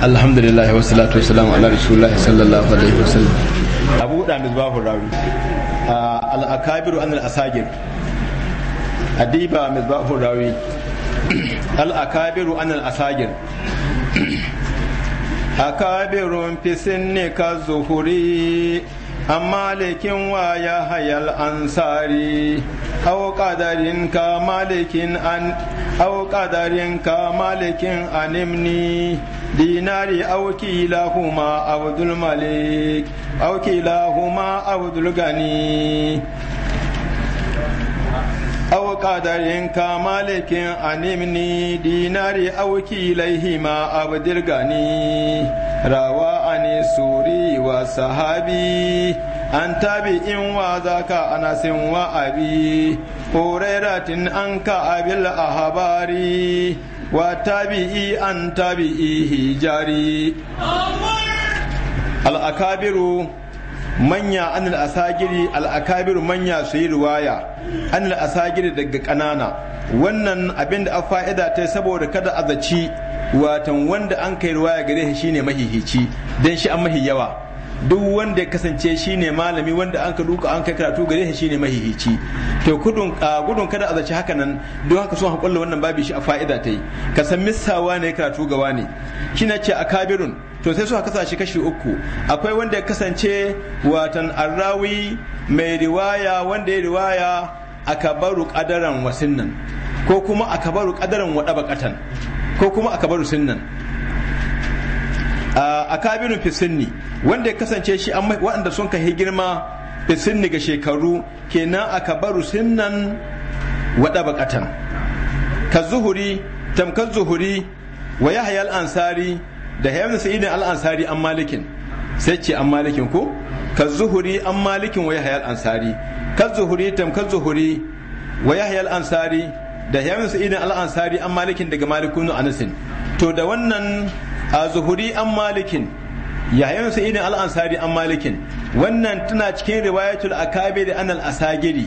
alhamdulillah wa salatu wa salam ala rasulillah sallallahu alaihi wa sallam abu da misbahu rawi al al'akabiru an al asagir adiba misbahu rawi al al'akabiru an al asagir أكابر في ka zuhuri, amma lekin wa ya hayal ansari au qadarin ka malikin an au qadarin ka malikin animni dinari au kilahuma abdul malik au kilahuma abdul gani aw qadarin ka malikin animni dinari aw kilaihi ma abdil gani rawa ani suri wa sahabi an tabi'in wa zaka anasin wa abi hurairatin an ka abil ahabari wa tabi'i an tabi'ihi jari al-akabiru manya anil asagiri al'akabiru manya su yi ruwaya anil asagiri daga ƙanana wannan abin da a fa'ida ta saboda kada a zaci watan wanda an kai ruwaya gare shi shine mahihici don shi an mahi yawa duk wanda ya kasance shi ne malami wanda an ka duka an kai karatu gare shi ne mahihici to kudun gudun kada a zaci haka nan don haka sun hakulla wannan babu shi a fa'ida ta yi ka san missawa ne karatu gawa ne na ce akabirun to sai su kasa shi kashi uku akwai wanda ya kasance watan arrawi mai riwaya wanda ya riwaya akabaru kadaran wasinnan ko kuma akabaru kadaran wadabakatan ko kuma akabaru sinnan A kabinu fisinni wanda ya kasance shi waɗanda sun kai girma fisinni ga shekaru kenan kabaru sinnan waɗa bakatan ka zuhuri tamkar zuhuri wa ya al-ansari da hayyan sa'idin al-ansari an malikin sai ce an malikin ko ka zuhuri an malikin wa ya al-ansari ka zuhuri tamkar zuhuri wa ya al-ansari da hayyan sa'idin al-ansari an malikin daga malikunu anasin to da wannan a zuhuri an malikin yayin su al al'ansari an malikin wannan tana cikin riwayatul akabe da anal asagiri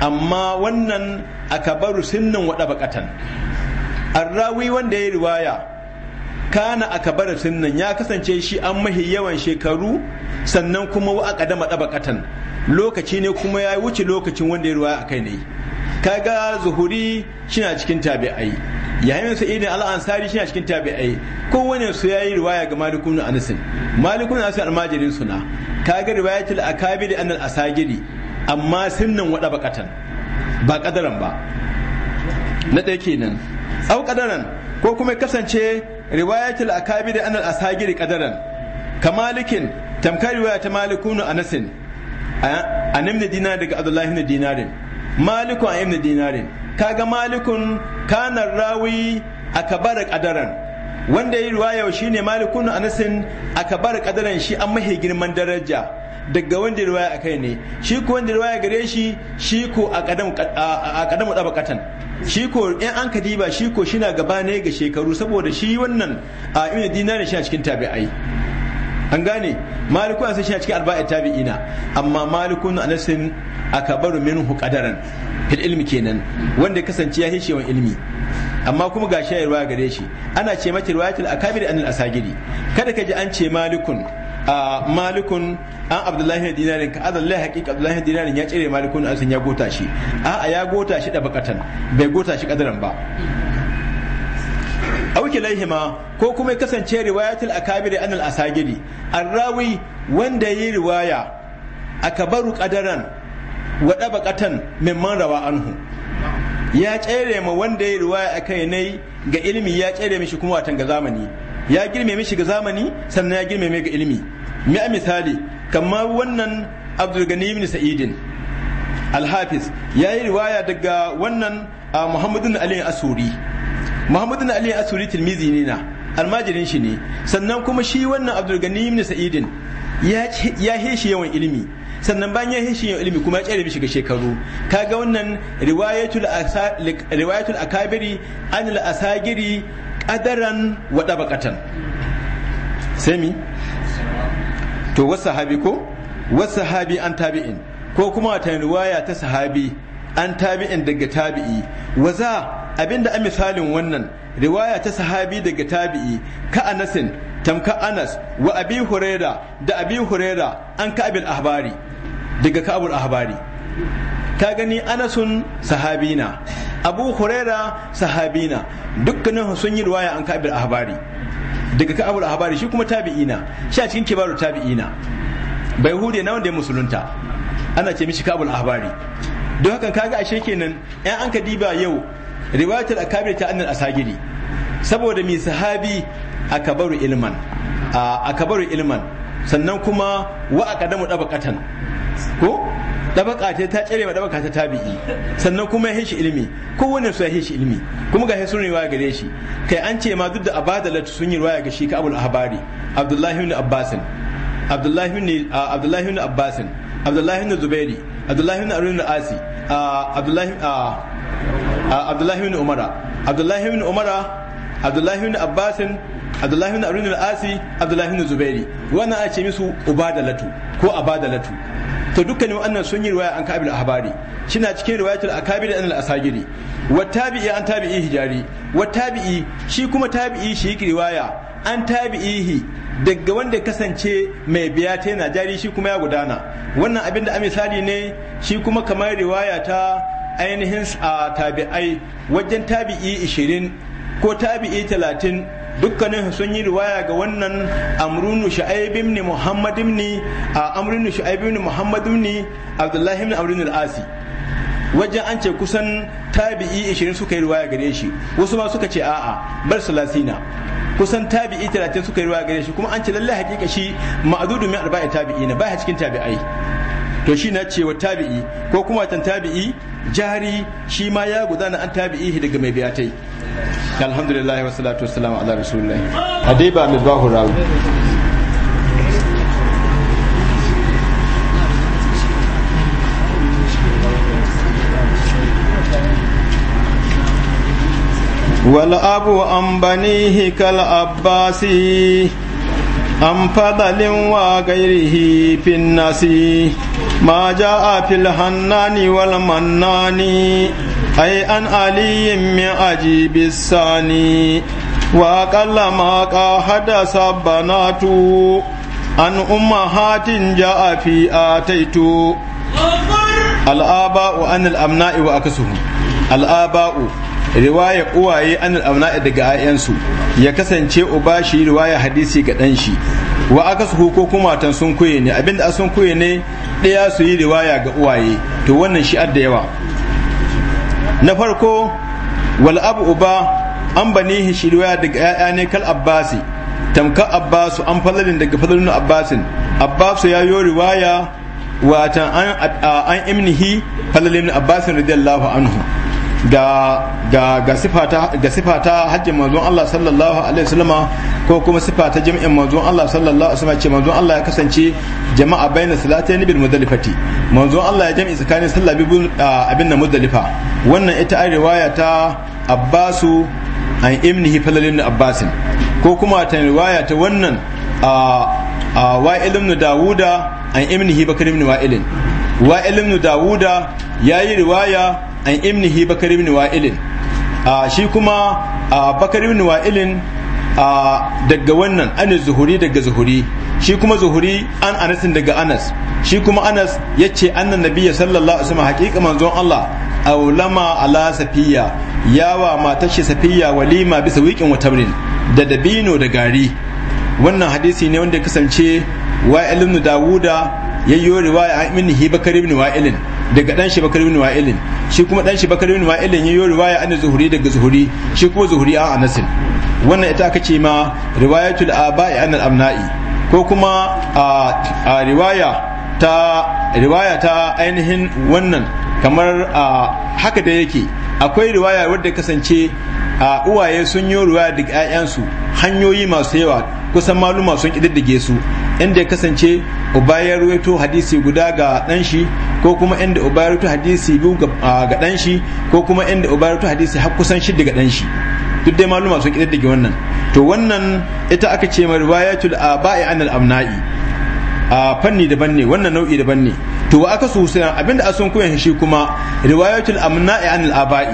amma wannan akabaru sinnin wada bakatan arrawi wanda ya yi riwaya kana akabaru sinnin ya kasance shi an mahi yawan shekaru sannan kuma wa akadama dabakatan lokaci ne kuma ya wuce lokacin wanda ya riwaya akai ne kaga zuhuri shina cikin tabi'ai yayin sa idin al-ansari shi a cikin tabi'ai kowane su yayi riwaya ga malikun anas malikun anas almajirin suna ga riwayatul akabiri anil asagiri amma sunnan wada bakatan ba kadaran ba na ɗaya kenan au kadaran ko kuma kasance riwayatul akabiri anil asagiri kadaran kamalikin tamkar riwaya ta malikun anas an ibn dinar daga abdullahi ibn dinarin malikun an ibn dinarin kaga malikun kanar rawi kabarar kadaran wanda ya yi shi ne malikun anasin kabarar kadaran shi an mahe girman daraja daga wanda a akai ne shi ko wanda ruwaya gare shi shi ko a kadam a kadam shi ko in an kadiba shi ko shina gaba ne ga shekaru saboda shi wannan a ibn dinar shi a cikin tabi'ai an gane malikun anasin shi a cikin arba'at tabi'ina amma malikun anasin akabaru minhu kadaran. fil ilmi kenan wanda ya kasance ya hishewan ilmi amma kuma ga shi ruwa gare shi ana ce mata riwayatul akabir anil asagiri kada ka ji an ce malikun a malikun an abdullahi dinarin ka azallahi haƙiƙa abdullahi dinarin ya cire malikun an ya gota shi a'a ya gota shi da bakatan bai gota shi kadaran ba auki laihima ko kuma kasance riwayatul akabir anil asagiri arrawi wanda yi riwaya akabaru kadaran Waɗa baƙatan mimman rawa anhu ya tsere ma wanda ya ruwaya a kai nai ga ilimi ya tsere mishi kuma watan ga zamani ya girme mishi ga zamani sannan ya girme mai ga ilimi mi a misali kamar wannan abdul gani ibn sa'idin al-hafiz ya yi riwaya daga wannan Muhammadu ali asuri Muhammadu ali asuri tilmizi ne na almajirin shi ne sannan kuma shi wannan abdul gani ibn sa'idin ya he shi yawan ilimi sannan bayan ya hishin yau ilimi kuma ya tsere mishi ga shekaru kaga wannan riwayatul riwayatul akabiri anil asagiri kadaran wada bakatan sai mi to wasu sahabi ko wasu sahabi an tabi'in ko kuma wata riwaya ta sahabi an tabi'in daga tabi'i waza abinda a misalin wannan riwaya ta sahabi daga tabi'i ka anasin tamka anas wa abi huraira da abi huraira an ka'abil ahbari daga ka'abul ahbari ka gani anasun sahabina abu huraira sahabina dukkanin sun yi riwaya an ka'abil ahbari daga ka'abul ahbari shi kuma tabi'ina shi a cikin kibaru tabi'ina bai hude na wanda ya musulunta ana ce mishi ka'abul ahbari don haka kaga ashe kenan 'yan an ka diba yau riwayatul akabir ta annal asagiri saboda mi sahabi akabaru ilman akabaru ilman sannan kuma wa aqadamu dabaqatan ko dabaka ta ta tsare ma dabaka ta tabi'i sannan kuma ya hishi ko wani su ya hishi ilmi kuma ga sun riwaya gare shi kai an ce ma duk da abadalat sun yi riwaya ga shi ka abul ahbari abdullahi ibn abbasin abdullahi ibn abdullahi ibn abbasin abdullahi ibn zubairi abdullahi ibn arun asi abdullahi abdullahi bin umara abdullahi bin umara abdullahi bin abbasin abdullahi bin arun asi abdullahi bin zubairi wannan a ce musu ubadalatu ko abadalatu to dukkanin wannan sun yi riwaya an kabil ahbari shina cikin riwayatul akabir an al-asagiri wa tabi'i an tabi'i hijari wa tabi'i shi kuma tabi'i shi riwaya an tabi'ihi daga wanda kasance mai biya ta yana jari shi kuma ya gudana wannan abin da a misali ne shi kuma kamar riwaya ta ainihin tabi'ai wajen tabi'i ishirin ko tabi'i talatin dukkanin sun yi riwaya ga wannan amrunu sha'aib ibn muhammad ibn amrunu sha'aib ibn muhammad ibn abdullah ibn amrun al-asi wajen an ce kusan tabi'i ishirin suka yi riwaya gare shi wasu ma suka ce a'a bar salasina kusan tabi'i talatin suka yi riwaya gare shi kuma an ce lallai hakika shi ma'dudu min arba'i na, baya cikin tabi'ai to shi na ce wa tabi'i ko kuma tan tabi'i jari shi ma ya gudana an ihi daga mai biyatai alhamdulillah wa salatu wa salam ala rasulillah adeba misbahu rawi والأب kal بنيه an عن فضل وغيره في الناس ما جاء في الحنان والمنان أي أن علي من أجيب الثاني وأقل ما قاهد سبنات أن أمهات جاء في آتيت الآباء عن الأمناء وأكسهم الآباء riwaya uwaye an al'abna daga 'ya'yansu ya kasance uba shi riwaya hadisi ga dan shi wa aka su ko kuma tan sun kuye ne abinda sun kuye ne daya su yi riwaya ga uwaye to wannan shi adda yawa na farko wal abu uba an bani shi riwaya daga yaya ne kal abbasi tamka abbasu an falalin daga falalin abbasin abbasu ya yi riwaya watan an imnihi falalin abbasin radiyallahu anhu ga ga ga sifata ga sifata hajjin manzon Allah sallallahu alaihi wasallama ko kuma sifata jami'in manzon Allah sallallahu alaihi wasallama ce manzon Allah ya kasance jama'a baina salatayn bil mudallifati manzon Allah ya jami'i tsakanin sallah bi abin nan mudallifa wannan ita a riwaya ta Abbasu an ibnihi falalin Abbasin ko kuma ta riwaya ta wannan a wa ibn Dawuda an ibnihi Bakr ibn Wa'il wa ibn Dawuda yayi riwaya an imnihi bakar ibn wa'ilin shi kuma bakar ibn wa'ilin daga wannan ana zuhuri daga zuhuri shi kuma zuhuri an anasin daga anas shi kuma anas ya ce annan nabiya sallallahu alaihi wasallam haƙiƙa manzon Allah aulama ala safiya yawa matar shi safiya walima bisa wikin watabrin da dabino da gari wannan hadisi ne wanda ya kasance wa'ilin da dawuda yayyo riwaya an ibn ibn wa'ilin daga dan shi bakar ibn wa'ilin shi kuma dan shi bakar ibn wa'ilin yayi riwaya an zuhuri daga zuhuri shi kuma zuhuri an anasin wannan ita aka ce ma riwayatul aba'i an al-amna'i ko kuma a riwaya ta riwaya ta ainihin wannan kamar haka da yake akwai riwaya wadda kasance a uwaye sun yi riwaya daga 'ya'yansu hanyoyi masu yawa kusan maluma sun kididdige su inda ya kasance uba ya ruwaito hadisi guda ga danshi ko kuma inda uba ya ruwaito hadisi biyu ga danshi ko kuma inda uba ya ruwaito hadisi har kusan shidda ga dan duk dai maluma sun kididdige wannan to wannan ita aka ce mai riwayatul aba'i anil amna'i a fanni daban ne wannan nau'i daban ne to wa aka susa abinda asun koyan shi kuma riwayatul amna'i anil aba'i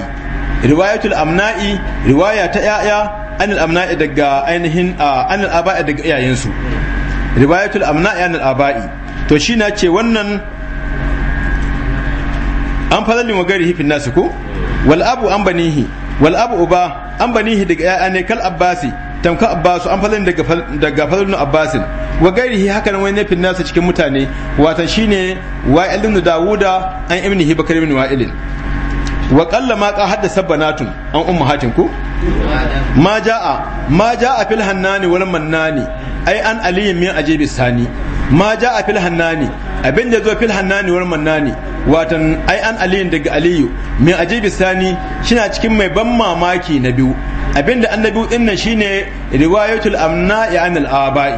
riwayatul amna'i riwaya ta yaya anil amna'i daga ainihin anil aba'i daga iyayensu riwayatul amna'i anil aba'i to shi na ce wannan an fara wa gari hifin nasu ko wal abu an banihi wal abu uba an banihi daga ya'ya ne kal abbasi tamka abbasu an fadalin daga daga abbasin wa haka nan wani nafin nasu cikin mutane watan shine wa'ilin da dawuda an ibnihi hibakar min wa'ilin wa qalla ma ka haddasa banatun an ummahatin ku ma jaa ma jaa fil hannani wal mannani ai an aliyin min ajibi sani ma jaa fil hannani abin da zo fil hannani wal mannani watan ai an aliyin daga aliyu min ajibi sani shina cikin mai ban mamaki na biyu abin da annabi din nan shine riwayatul amna ya anil abai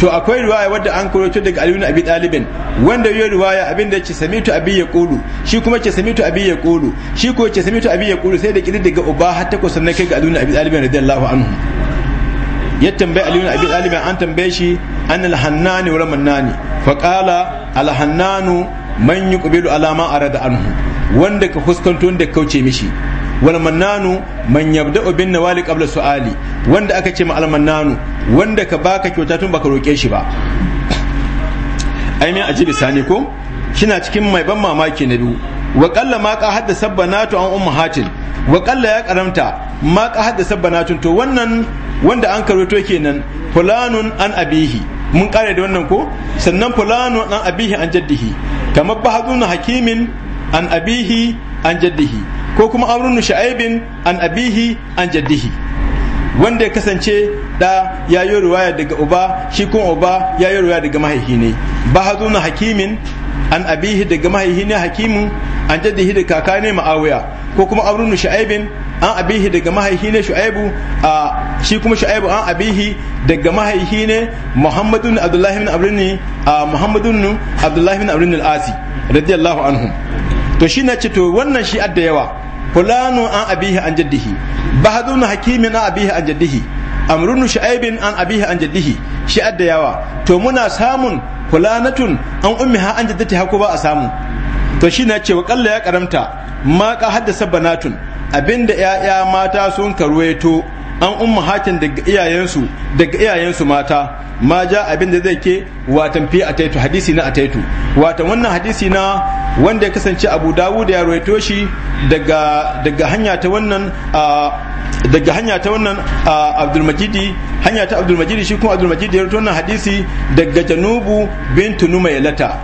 to akwai riwaya wadda an karanto daga Ali Abi Daliban wanda yayi riwaya abin da yace samitu abi kulu shi kuma yace samitu abi kulu shi ko yace samitu abi kulu sai da kidi daga uba har takwas sannan kai ga Ali Abi Daliban radiyallahu anhu ya tambaye Ali Abi Daliban an tambaye shi an al-hannani wa mannani fa qala al-hannanu man yuqbilu alama arada anhu wanda ka fuskanto wanda kauce mishi wal mannanu man yabda'u bin nawali qabla su'ali wanda aka ce ma al mannanu wanda ka baka kyauta tun baka roke shi ba ai min ajibi sani ko kina cikin mai ban mamaki na biyu wa qalla ma ka haddasa sabbanatu an ummahatin wa qalla ya karamta ma ka haddasa sabbanatu to wannan wanda an karoto kenan fulanun an abihi mun kare da wannan ko sannan fulanun an abihi an jaddihi kamar bahadun hakimin an abihi an jaddihi ko kuma amrun Shu'aibin an abihi an jaddihi wanda ya kasance da ya yi ruwaya daga uba shi kuma uba ya yi ruwaya daga mahaihi ne ba hazo na hakimin an abihi daga mahaihi ne hakimin an jaddihi da kaka ne ma'awiya ko kuma amrun Shu'aibin an abihi daga mahaihi ne shu'aibu a shi kuma shu'aibu an abihi daga mahaihi ne muhammadun abdullahi bin abrini a muhammadun abdullahi bin abrini al-asi radiyallahu anhu to shi na ce to wannan shi adda yawa fulano an abihi an jaddihi bahadun hakimin an abihi an jaddihi amrunu sha'ibin an abihi an jaddihi shi adda yawa to muna samun fulanatun an ha an ha ko ba a samu to shi na ce wa kalla ya karamta ma ka haddasa banatun abinda ya'ya mata sun karweto an umma hakin daga iyayensu daga iyayensu mata ma ja abin da zai ke watan fi taitu hadisi na a taitu watan wannan hadisi na wanda ya kasance abu dawud ya roito shi daga hanya ta wannan daga hanya ta wannan abdulmajidi hanya ta abdulmajidi shi kuma abdulmajidi ya roito wannan hadisi daga janubu bintu numaylata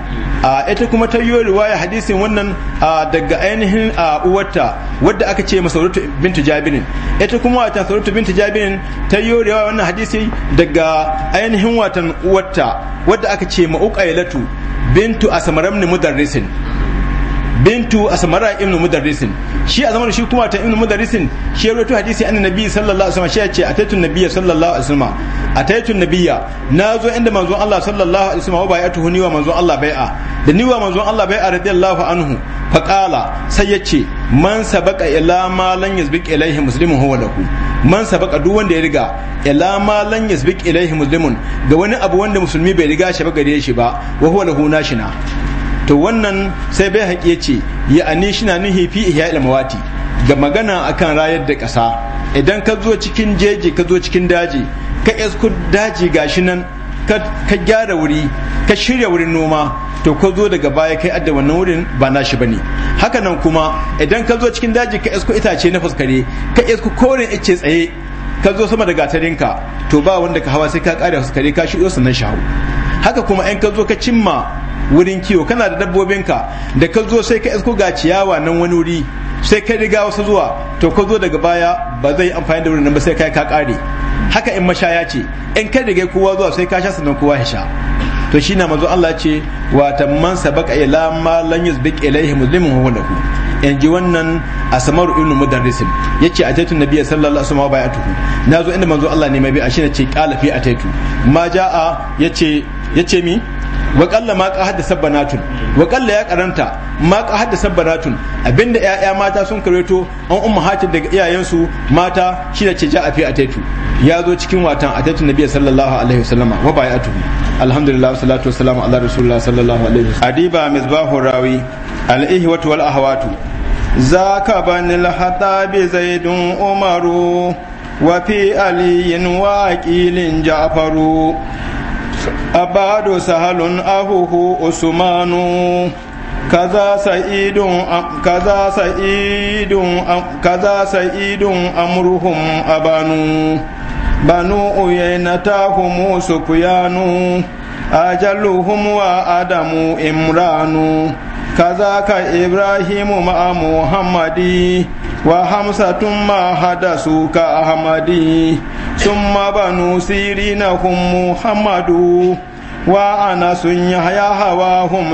ita kuma ta yi riwaya hadisin wannan daga ainihin uwarta wadda aka ce masauratu bintu jabirin ita kuma ta sauratu bintu jabirin ta yi riwaya wannan hadisi daga ainihin yunwatan watan uwarta wadda aka ce ma'uƙailatu bintu asmaram ni mudarrisin bintu asmara ibn mudarrisin shi a zamanin shi kuma ta ibn mudarrisin shi rawaito hadisi anna nabi sallallahu alaihi wasallam shi ya ce ataitu nabiyya sallallahu alaihi wasallam ataitun nabiyya nazo inda manzon Allah sallallahu alaihi wasallam wa bai'atuhu ni wa manzon Allah bai'a da ni wa manzon Allah bai'a radiyallahu anhu faqala sai ya ce man sabaka ila ma lan yasbiq ilaihi muslimun huwa lahu man sabaka duk wanda ya riga ila ma lan yasbiq ilaihi muslimun ga wani abu wanda musulmi bai riga shi ba gare shi ba wa huwa lahu nashina to wannan sai bai haƙe ce ya ani shi na nuhi fi ihya ilmawati ga magana akan rayar da ƙasa idan ka zo cikin jeji ka zo cikin daji ka esku daji gashi nan ka gyara wuri ka shirya wurin noma to ka zo daga baya kai adda wannan wurin ba na shi bane haka nan kuma idan ka zo cikin daji ka esku itace na fuskare ka esku koren ice tsaye ka zo sama da gatarinka to ba wanda ka hawa sai ka kare fuskare ka shigo sannan shahu haka kuma 'yan ka zo ka cimma wurin kiwo kana da dabbobinka da ka zo sai ka isko ga ciyawa nan wani wuri sai ka riga wasu zuwa to ka zo daga baya ba zai amfani da wurin nan ba sai kai ka kare haka in mashaya ce in ka riga kowa zuwa sai ka sha sannan kowa ya sha to shi na mazo Allah ce wa tamman sabaka ila ma lan yusbik ilaihi muslimun huwa lahu in ji wannan asmaru ibn mudarrisin yace taitun nabiyyi sallallahu alaihi wasallam bai'atuhu nazo inda manzo Allah ne mai bi a shi ne ce qala fi ataitu ma jaa yace yace mi waƙalla ma ka haddasa banatun wa ya karanta ma ka haddasa banatun abinda ƴaƴa mata sun kareto an umma hatin daga iyayensu mata shi da ce ja'a a ataitu ya zo cikin watan ataitu nabi sallallahu alaihi wasallama wa bai'atuhu alhamdulillah salatu wassalamu ala rasulullah sallallahu alaihi wasallam adiba misbahu rawi alaihi wa wal ahwatu zaka banil hatabi zaidun umaru aliyin wa aqilin ja'faru abadu sahalun ahuhu usmanu kaza sa'idun kaza sa'idun kaza sa'idun amruhum abanu banu uyainatahum sukyanu ajaluhum wa adamu imranu kaza ka ibrahimu ma muhammadi wa hamsa tumma suka ahmadi summa banu sirina hum muhammadu wa ana sunya ya hawa hum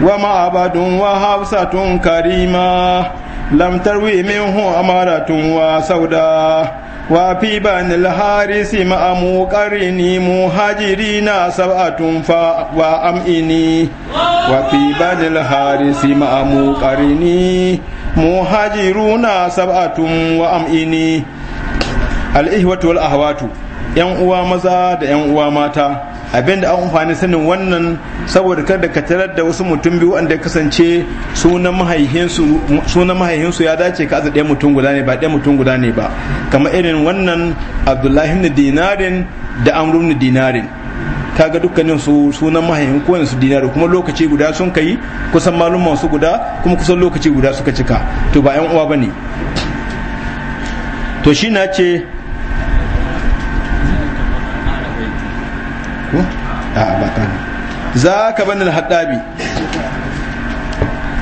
wa ma abadu wa hafsa tun karima lam tarwi min hu amaratu wa sauda wa fi banil haris ma amu qarini muhajirina sabatun fa wa amini wa fi banil haris ma amu qarini muhajiruna sab'atun wa am'ini al-ihwatu wal ahwatu yan uwa maza da yan uwa mata abinda an amfani sanin wannan saboda kada ka tarar da wasu mutum biyu wanda kasance sunan mahaihinsu ya dace ka aza mutum guda ne ba ɗaya mutum guda ne ba kamar irin wannan abdullahi ibn dinarin da amru ibn dinarin ta ga dukkanin su sunan mahaifin kowane su dinaro kuma lokaci guda sun kai kusan malumman su guda kuma kusan lokaci guda suka cika to ba yan uwa ba ne to shi na ce za ka banin haɗabi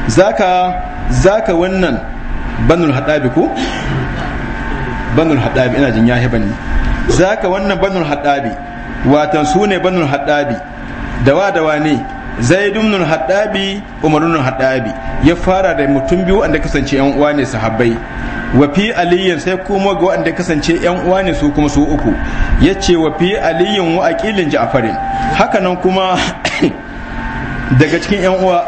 za ka wannan banin haɗabi ko? banin haɗabi ina jin yahi bane za ka wannan banin haɗabi watan su ne banul haddabi dawa dawa ne zaid ibn haddabi umar ibn haddabi ya fara da mutum biyu wanda kasance yan uwa ne sahabbai wa fi aliyin sai kuma ga wanda kasance yan uwa ne su kuma su uku yace wa fi aliyin wa aqilin ja'farin haka nan kuma daga cikin yan uwa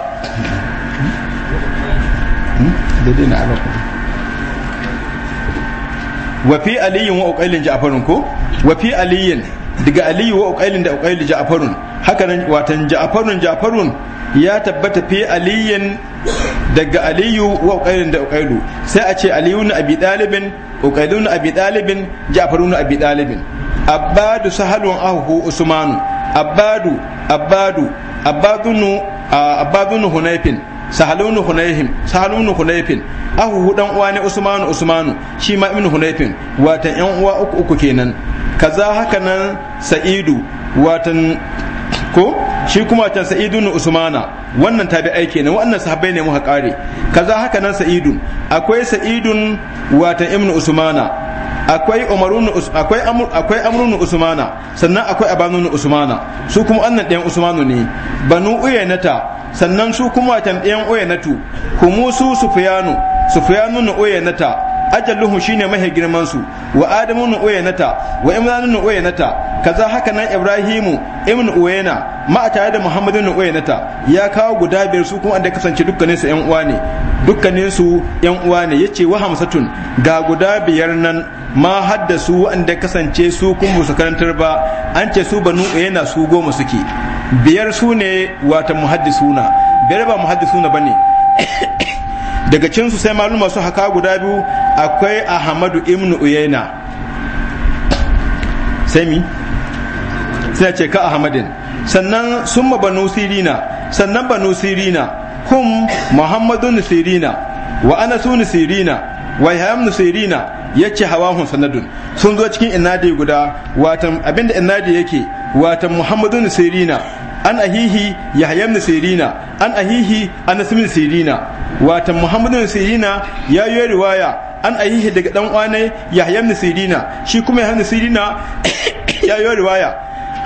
hmm? daidai na wa fi aliyin wa aqilin ja'farin ko wa fi aliyin daga aliyu wa ukailin da uqaili ja'farun haka nan watan ja'farun ja'farun ya tabbata fi aliyin daga aliyu wa ukailin da ukailu sai a ce aliyu na abi dalibin uqailu na abi dalibin ja'farun na abi dalibin Abadu sahalun ahu usmanu abadu abadu abadunu abadunu hunayfin sahalunu hunayhim sahalunu hunayfin ahu dan uwa ne usmanu usmanu shi ma ibn hunayfin watan yan uwa uku uku kenan kaza haka nan sa'idu watan ko shi kuma can sa'idu na usmana wannan tabi aiki ne wannan sahabbai ne muka kare kaza haka nan Sa'idu akwai Sa'idu watan ibnu usmana akwai umarun akwai amr akwai amrun usmana sannan akwai abanun usmana su kuma annan ɗayan usmanu ne banu uyanata sannan su kuma can ɗayan uyanatu humusu sufyanu sufyanu uyanata ajaluhu shine mahi girman su wa adamu nu uyanata wa imranu nu uyanata kaza haka nan ibrahimu ibn uyana ma a tare da muhammadu nu uyanata ya kawo guda biyar su kuma da kasance dukkanin su yan uwa ne dukkanin su yan uwa ne yace wa hamsatun ga guda biyar nan ma haddasu wanda kasance su kun su karantar ba an ce su banu uyana su goma suke biyar su ne wata muhaddisuna biyar ba muhaddisuna bane daga su sai malu su haka guda biyu akwai ahmadu ibn uyaina sai mi sai ce ka ahmadin sannan ma banu sirina sannan banu sirina hum muhammadu sirina wa su sirina wa yaham sirina yace hun sanadun sun zo cikin inadi guda watan abinda inadi yake watan Muhammadu sirina an ahihi yahya ibn sirina an ahihi anas ibn sirina wato muhammadu ibn sirina ya yi riwaya an ahihi daga dan uwane yahya ibn sirina shi kuma yahya ibn sirina ya yi riwaya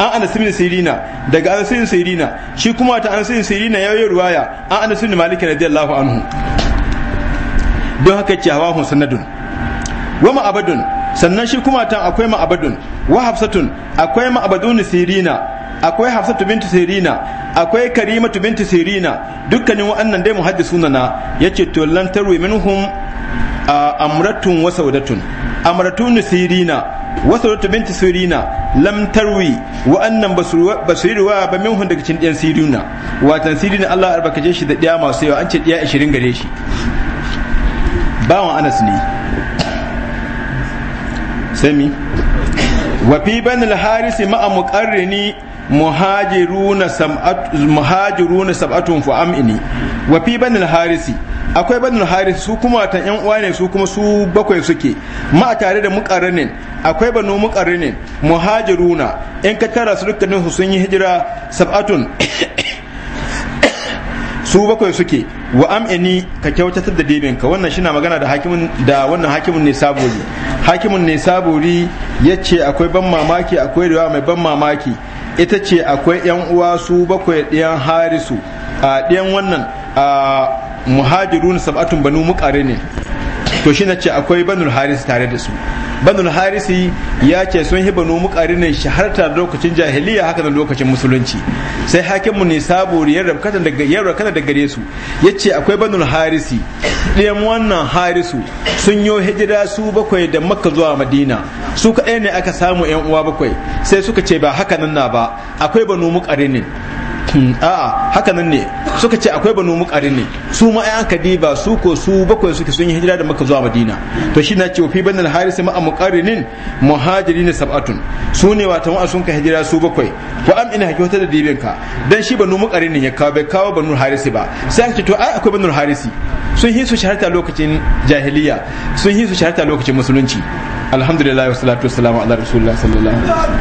an anas ibn sirina daga anas ibn sirina shi kuma ta anas ibn sirina ya yi riwaya an anas ibn malik radiyallahu anhu don haka ce hawa sanadun wa ma'abadun sannan shi kuma ta akwai ma'abadun wa hafsatun akwai ma'abadun sirina akwai hafsatu bintu sirina akwai karimatu bintu sirina dukkanin wa'annan dai muhaddisuna na yace to lan tarwi minhum amratun wa saudatun amratun sirina wa saudatu bintu sirina lam tarwi wa'annan wa ba minhum daga cikin ɗiyan sirina watan sirina Allah albarkaje shi da ɗiya masu yawa an ce ɗiya 20 gare shi bawan Anas ne sami wa fi banil harisi ma'a muqarrini muhajiruna sam'at muhajiruna sab'atun fu amini wa fi banil harisi akwai banil harisi su kuma ta yan uwa ne su kuma su bakwai suke ma tare da muqarrinin akwai banu muqarrinin muhajiruna in ka tara su dukkanin su sun yi hijira sab'atun su bakwai suke wa am'ini ka kyautatar da ka wannan shi na magana da hakimin da wannan hakimin ne saburi hakimin ne saburi ya ce akwai ban mamaki akwai riwa mai ban mamaki ita ce akwai yan uwa su bakwai ɗiyan harisu a ɗiyan wannan a muhajirun sab'atun banu muƙare ne to shi na ce akwai banul harisi tare da su banul harisi ya ce sun hi banu mukarinin shaharta lokacin jahiliya haka da lokacin musulunci sai hakimu ne sabuwar ya rabkata daga ya daga gare su ya ce akwai banul harisi ɗayan wannan harisu sun yo hijira su bakwai da makka zuwa madina su kaɗai ne aka samu yan uwa bakwai sai suka ce ba haka nan na ba akwai banu mukarinin a'a haka nan ne suka ce akwai banu muqari ne su ma ayan kadiba su ko su bakwai suke sun yi hijira da makka zuwa madina to shi na ce fi banal haris ma muqarinin muhajirin sab'atun su ne wata ma sun ka hijira su bakwai ko am ina wata da dibinka ka dan shi banu ne ya kawo bai kawo banu haris ba sai an ce to ai akwai banu harisi sun yi su shaharta lokacin jahiliya sun yi su shaharta lokacin musulunci alhamdulillah wassalatu wassalamu ala rasulillah sallallahu alaihi wasallam